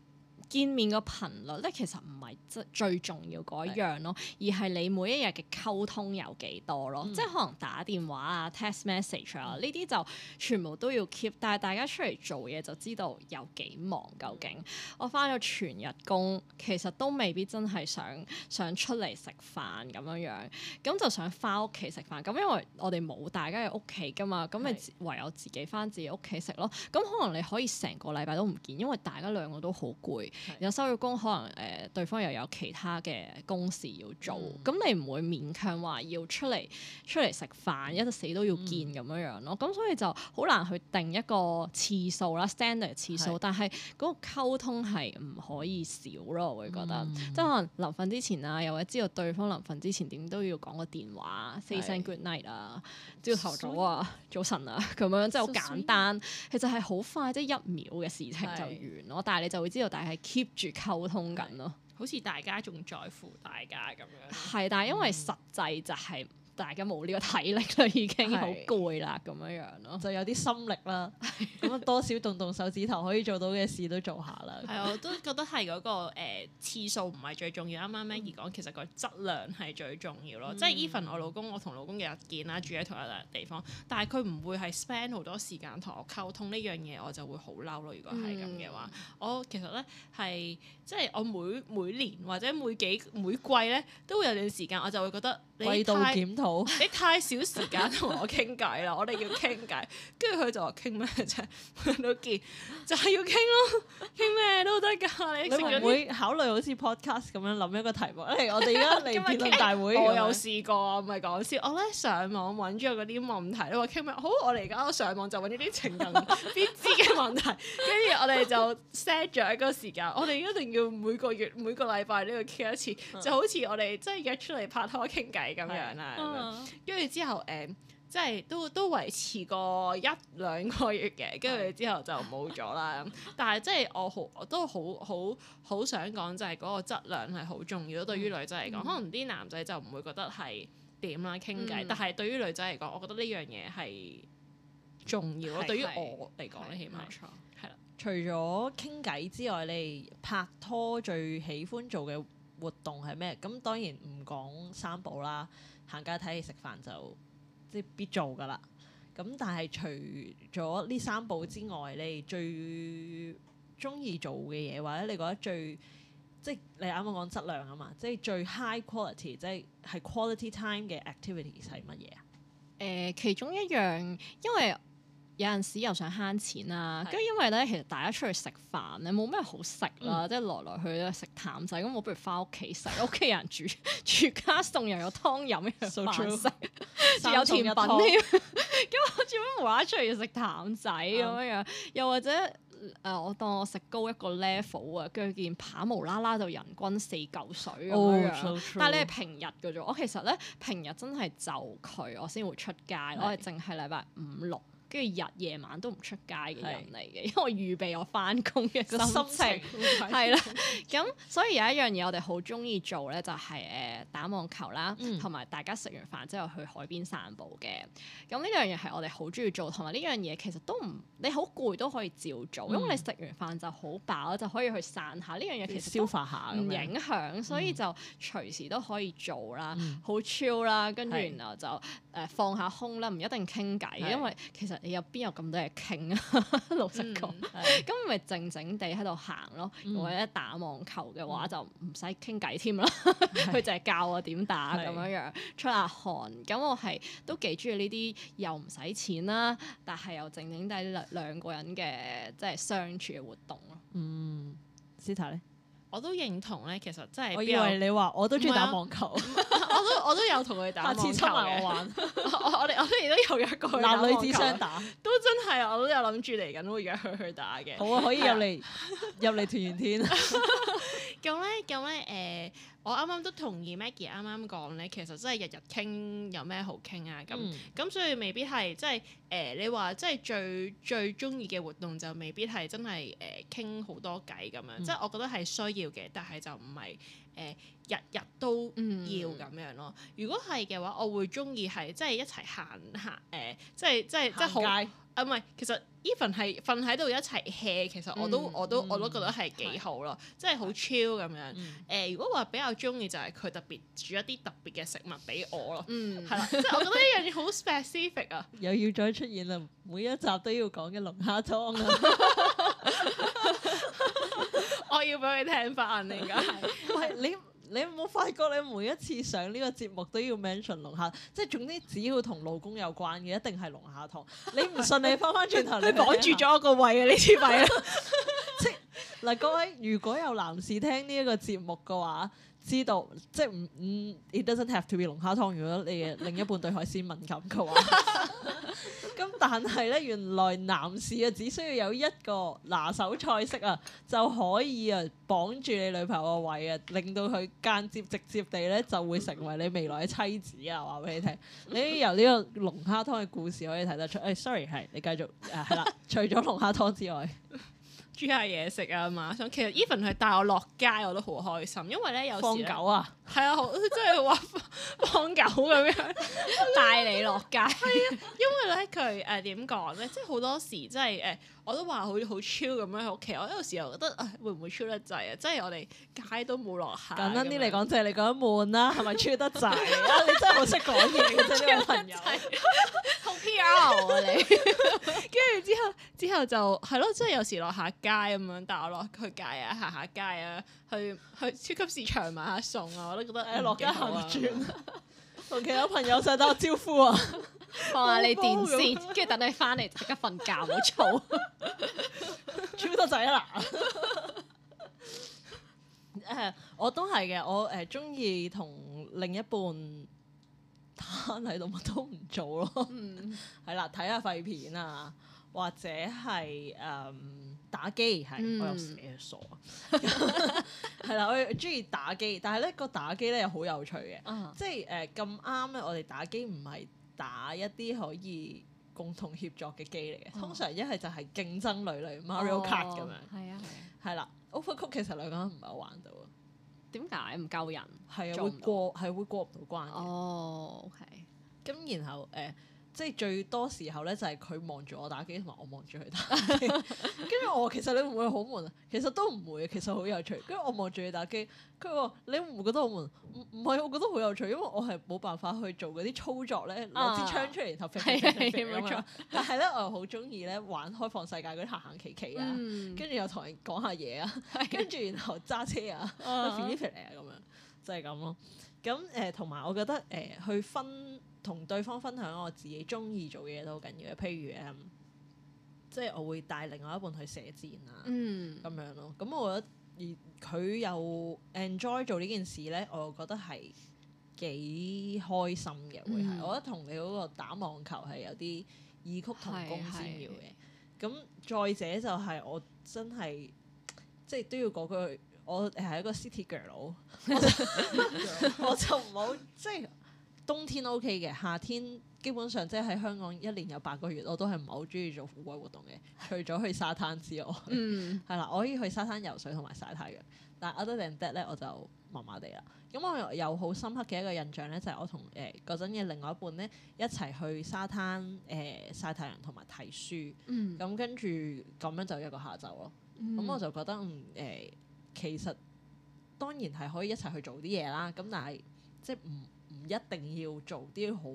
見面個頻率咧，其實唔係最最重要嗰一樣咯，的而係你每一日嘅溝通有幾多咯，嗯、即係可能打電話啊、嗯、text message 啊，呢啲就全部都要 keep。但係大家出嚟做嘢就知道有幾忙究竟。嗯、我翻咗全日工，其實都未必真係想想出嚟食飯咁樣樣，咁就想翻屋企食飯。咁因為我哋冇大家嘅屋企㗎嘛，咁咪的唯有自己翻自己屋企食咯。咁可能你可以成個禮拜都唔見，因為大家兩個都好攰。有收咗工可能誒，對方又有其他嘅公事要做，咁你唔會勉強話要出嚟出嚟食飯，一死都要見咁樣樣咯。咁所以就好難去定一個次數啦，standard 次數，但係個溝通係唔可以少咯，我會覺得即係可能臨瞓之前啊，又或者知道對方臨瞓之前點都要講個電話，say 聲 good night 啊，朝頭早啊，早晨啊咁樣即係好簡單，其實係好快，即係一秒嘅事情就完咯。但係你就會知道，但係。keep 住溝通緊咯，好似大家仲在乎大家咁樣。係，但係因為實際就係、是。大家冇呢個體力啦，已經好攰啦，咁是樣樣咯，就有啲心力啦。咁 <laughs> 多少動動手指頭可以做到嘅事都做下啦。 <laughs> 係我都覺得係嗰、那個、呃、次數唔係最重要。啱啱 Maggie 講，嗯、其實個質量係最重要咯。嗯、即係 Even 我老公，我同老公嘅日見啦，住喺同一笪地方，但係佢唔會係 spend 好多時間同我溝通呢樣嘢，我就會好嬲咯。如果係咁嘅話，嗯、我其實咧係即係我每每年或者每幾每季咧，都會有段時間我就會覺得。季度檢討，你太少時間同我傾偈啦！ <laughs> 我哋要傾偈，跟住佢就話傾咩啫？都見， <laughs> 就係、是、要傾咯，傾咩都得㗎。你，你會考慮好似 podcast 咁樣諗一個題目、欸、我哋而家嚟結論大會， <laughs> 我有試過啊！唔係講笑，我呢上網揾咗嗰啲問題咧話傾咩？好，我哋而家上網就揾呢啲情人必知嘅問題，跟住 <laughs> 我哋就 set 咗一個時間，我哋一定要每個月每個禮拜都要傾一次，就好似我哋即係約出嚟拍拖傾偈。咁樣啦，跟住之後，誒，即係都都維持過一兩個月嘅，跟住之後就冇咗啦。但係即係我好，我都好好好想講，就係嗰個質量係好重要咯。對於女仔嚟講，可能啲男仔就唔會覺得係點啦，傾偈。但係對於女仔嚟講，我覺得呢樣嘢係重要咯。對於我嚟講咧，起碼係啦。除咗傾偈之外，你拍拖最喜歡做嘅？活動係咩？咁當然唔講三寶啦，行街睇戲食飯就即係必做噶啦。咁但係除咗呢三寶之外，你最中意做嘅嘢，或者你覺得最即係、就是、你啱啱講質量啊嘛，即、就、係、是、最 high quality，即係係 quality time 嘅 activity 係乜嘢啊？誒、呃，其中一樣，因為。有陣時又想慳錢啦，跟住因為咧，其實大家出去食飯咧冇咩好食啦，嗯、即係來來去去都係食淡仔，咁我不如翻屋企食，屋企人煮，住家餸又有湯飲，有 So true. 有甜品添。咁我做乜無啦啦出去食淡仔咁樣樣？又、uh. 或者誒，我當我食高一個 level 啊，跟住件扒無啦啦就人均四嚿水咁樣樣。但係你係平日嘅啫，我其實咧平日真係就佢，我先會出街，是我係淨係禮拜五六。跟住日夜晚都唔出街嘅人嚟嘅，是因為我預備我翻工嘅心情係啦。咁所以有一樣嘢我哋好中意做咧，就係誒打網球啦，同埋、嗯、大家食完飯之後去海邊散步嘅。咁呢樣嘢係我哋好中意做，同埋呢樣嘢其實都唔你好攰都可以照做，嗯、因為你食完飯就好飽，就可以去散下呢樣嘢，其實消化下唔影響，嗯、所以就隨時都可以做啦，好 chill 啦，跟住然，然後就誒放下空啦，唔一定傾偈，因為其實。你有邊有咁多嘢傾啊？老實講、嗯，咁咪靜靜地喺度行咯，我一打網球嘅話就唔使傾偈添啦。佢淨係教我點打咁樣樣，出下汗。咁我係都幾中意呢啲又唔使錢啦，但係又靜靜地兩兩個人嘅即係相處嘅活動咯。嗯，Zita 咧，嗯嗯、我都認同咧。其實真係我以為你話我都中意打網球，啊。我都我都有同佢打網球嘅，我玩， <laughs> 我哋我都而家有一個男女互相打，都真係我都有諗住嚟緊會約佢去打嘅。好啊，可以入嚟、啊、入嚟團圓天 <laughs> <laughs> 呢。咁咧咁咧誒，我啱啱都同意 Maggie 啱啱講咧，其實真係日日傾有咩好傾啊！咁咁、嗯、所以未必係即係。誒你話即係最最中意嘅活動就未必係真係誒傾好多偈咁樣，即係我覺得係需要嘅，但係就唔係誒日日都要咁樣咯。如果係嘅話，我會中意係即係一齊行行誒，即係即係即係好唔係，其實 even 係瞓喺度一齊 hea，其實我都我都我都覺得係幾好咯，即係好 chill 咁樣。誒如果話比較中意就係佢特別煮一啲特別嘅食物俾我咯，係啦，即係我覺得呢樣嘢好 specific 啊，又要再。出現啦！每一集都要講嘅龍蝦湯啊， <laughs> <laughs> 我要俾佢聽翻。 <laughs> 你而家係，你你有冇發覺你每一次上呢個節目都要 mention 龍蝦，即係總之只要同老公有關嘅一定係龍蝦湯。你唔信你翻翻轉頭，你，頭你 <laughs> 綁住咗我個位 <laughs> 啊！ <laughs> 呢次咪啊？即嗱，各位如果有男士聽呢一個節目嘅話，知道即係唔唔，it doesn't have to be 龍蝦湯。如果你嘅另一半對海鮮敏感嘅話。 <laughs> 咁但係咧，原來男士啊，只需要有一個拿手菜式啊，就可以啊，綁住你女朋友個位啊，令到佢間接直接地咧，就會成為你未來嘅妻子啊！話俾你聽，你由呢個龍蝦湯嘅故事可以睇得出。誒，哎，sorry，係，你繼續係啦，啊，除咗龍蝦湯之外。 <laughs> 煮下嘢食啊嘛，想其實 even 係帶我落街，我都好開心，因為咧有時呢放狗啊，係啊，即係話放狗咁樣 <laughs> 帶你落街 <laughs> 係、啊，因為咧佢誒點講咧，即係好多時即係誒我都話好好 chill 咁樣喺屋企，我有時候覺得誒會唔會 chill 得滯啊？即係我哋街都冇落下，簡單啲嚟講就係你覺得悶啦，係咪 chill 得滯啊？ <laughs> 你真係好識講嘢嘅真係朋友。 <laughs> P.R. 我哋，跟住之後之後，之後就係咯，即係有時落下街咁樣，帶我落去街啊，行下街啊，去去超級市場買下餸啊，我都覺得誒落、啊欸、街行轉，同 <laughs> 其他朋友上打個招呼啊， <laughs> 放下你電視，跟住 <laughs> 等你翻嚟，大家瞓覺唔好嘈，好多仔啦。誒， <laughs> <laughs> 我都係嘅，我誒中意同另一半。攤喺度乜都唔做咯，係、嗯、啦，睇下廢片啊，或者係誒、嗯、打機，係、嗯、我有時你傻，啊，係啦，我中意打機，但係咧個打機咧又好有趣嘅，啊、即係誒咁啱咧，呃、我哋打機唔係打一啲可以共同協作嘅機嚟嘅，哦、通常一係就係競爭類類 Mario Kart 咁、哦、樣，係啊係啊，啦，Overcooked 其實兩個都唔係玩到。點解唔救人？係啊，啊，會過係會過唔到關嘅。哦，咁然後誒。呃即係最多時候咧，就係佢望住我打機，同埋我望住佢打機。跟住 <laughs> 我其實你會唔會好悶啊？其實都唔會，其實好有趣。跟住我望住你打機，佢話你唔覺得好悶？唔唔係，我覺得好有趣，因為我係冇辦法去做嗰啲操作咧，攞支槍出嚟然後飛飛飛啊嘛。但係咧，我又好中意咧玩開放世界嗰啲行行企企啊，跟住又同人講下嘢啊，跟住然後揸車啊，飛飛飛啊咁樣，就係咁咯。咁誒同埋我覺得誒去分。同對方分享我自己中意做嘢都好緊要，譬如誒，即、嗯、係我會帶另外一半去寫字啊，咁樣咯。咁、嗯、我覺得而佢又 enjoy 做呢件事咧，我覺得係幾開心嘅，會係、嗯、我覺得同你嗰個打網球係有啲異曲同工之妙嘅。咁、嗯、一口再者就係我真係即係都要講句，我係一個 city girl，我就唔好即係。冬天 OK 嘅，夏天基本上即係喺香港一年有八個月，我都係唔係好中意做戶外活動嘅，除咗去沙灘之外，係、嗯、 <laughs> 啦，我可以去沙灘游水同埋曬太陽。但係 other than that 咧，我就麻麻哋啦。咁我有好深刻嘅一個印象咧，就係、是、我同誒嗰陣嘅另外一半咧，一齊去沙灘誒曬太陽同埋睇書。咁、嗯、跟住咁樣就一個下晝咯。咁、嗯、我就覺得誒、嗯呃，其實當然係可以一齊去做啲嘢啦。咁但係即係唔。一定要做啲好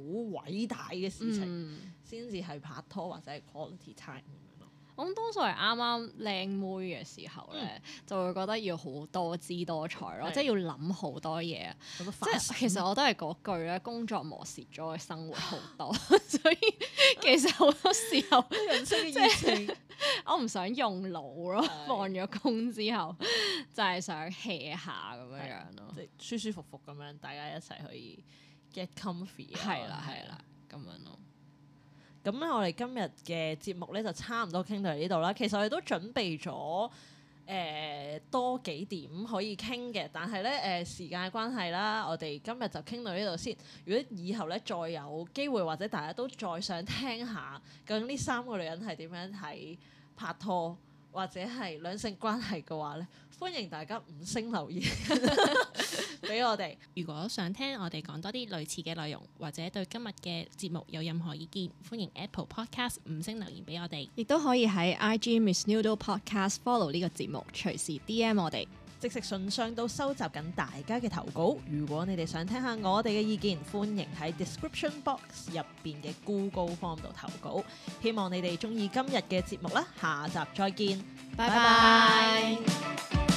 偉大嘅事情，先至係拍拖或者係 quality time 咁、嗯、多數係。咁啱啱靚妹嘅時候咧，嗯、就會覺得要好多姿多彩咯，即係是要諗好多嘢。即係其實我都係嗰句咧，工作磨蝕咗嘅生活好多， <laughs> <laughs> 所以其實好多時候即係 <laughs> 我唔想用腦咯，是 <laughs> 放咗工之後就係、是、想歇下咁樣樣咯，即係舒舒服服咁樣，大家一齊可以。get comfy 係啦，係啦，咁樣咯。咁咧，我哋今日嘅節目咧就差唔多傾到呢度啦。其實我哋都準備咗誒、呃、多幾點可以傾嘅，但係咧誒時間關係啦，我哋今日就傾到呢度先。如果以後咧再有機會，或者大家都再想聽下究竟呢三個女人係點樣睇拍拖或者係兩性關係嘅話咧，歡迎大家五星留言 <laughs> <laughs> 俾我哋。如果想聽我哋講多啲類似嘅內容，或者對今日嘅節目有任何意見，歡迎 Apple Podcast 五星留言俾我哋。亦都可以喺 IG Miss Noodle Podcast follow 呢個節目，隨時 DM 我哋。即食心靈信箱都收集緊大家嘅投稿。如果你哋想聽下我哋嘅意見，歡迎喺 Description Box 入邊嘅 Google Form 度投稿。希望你哋中意今日嘅節目啦，下集再見，拜拜 bye。Bye bye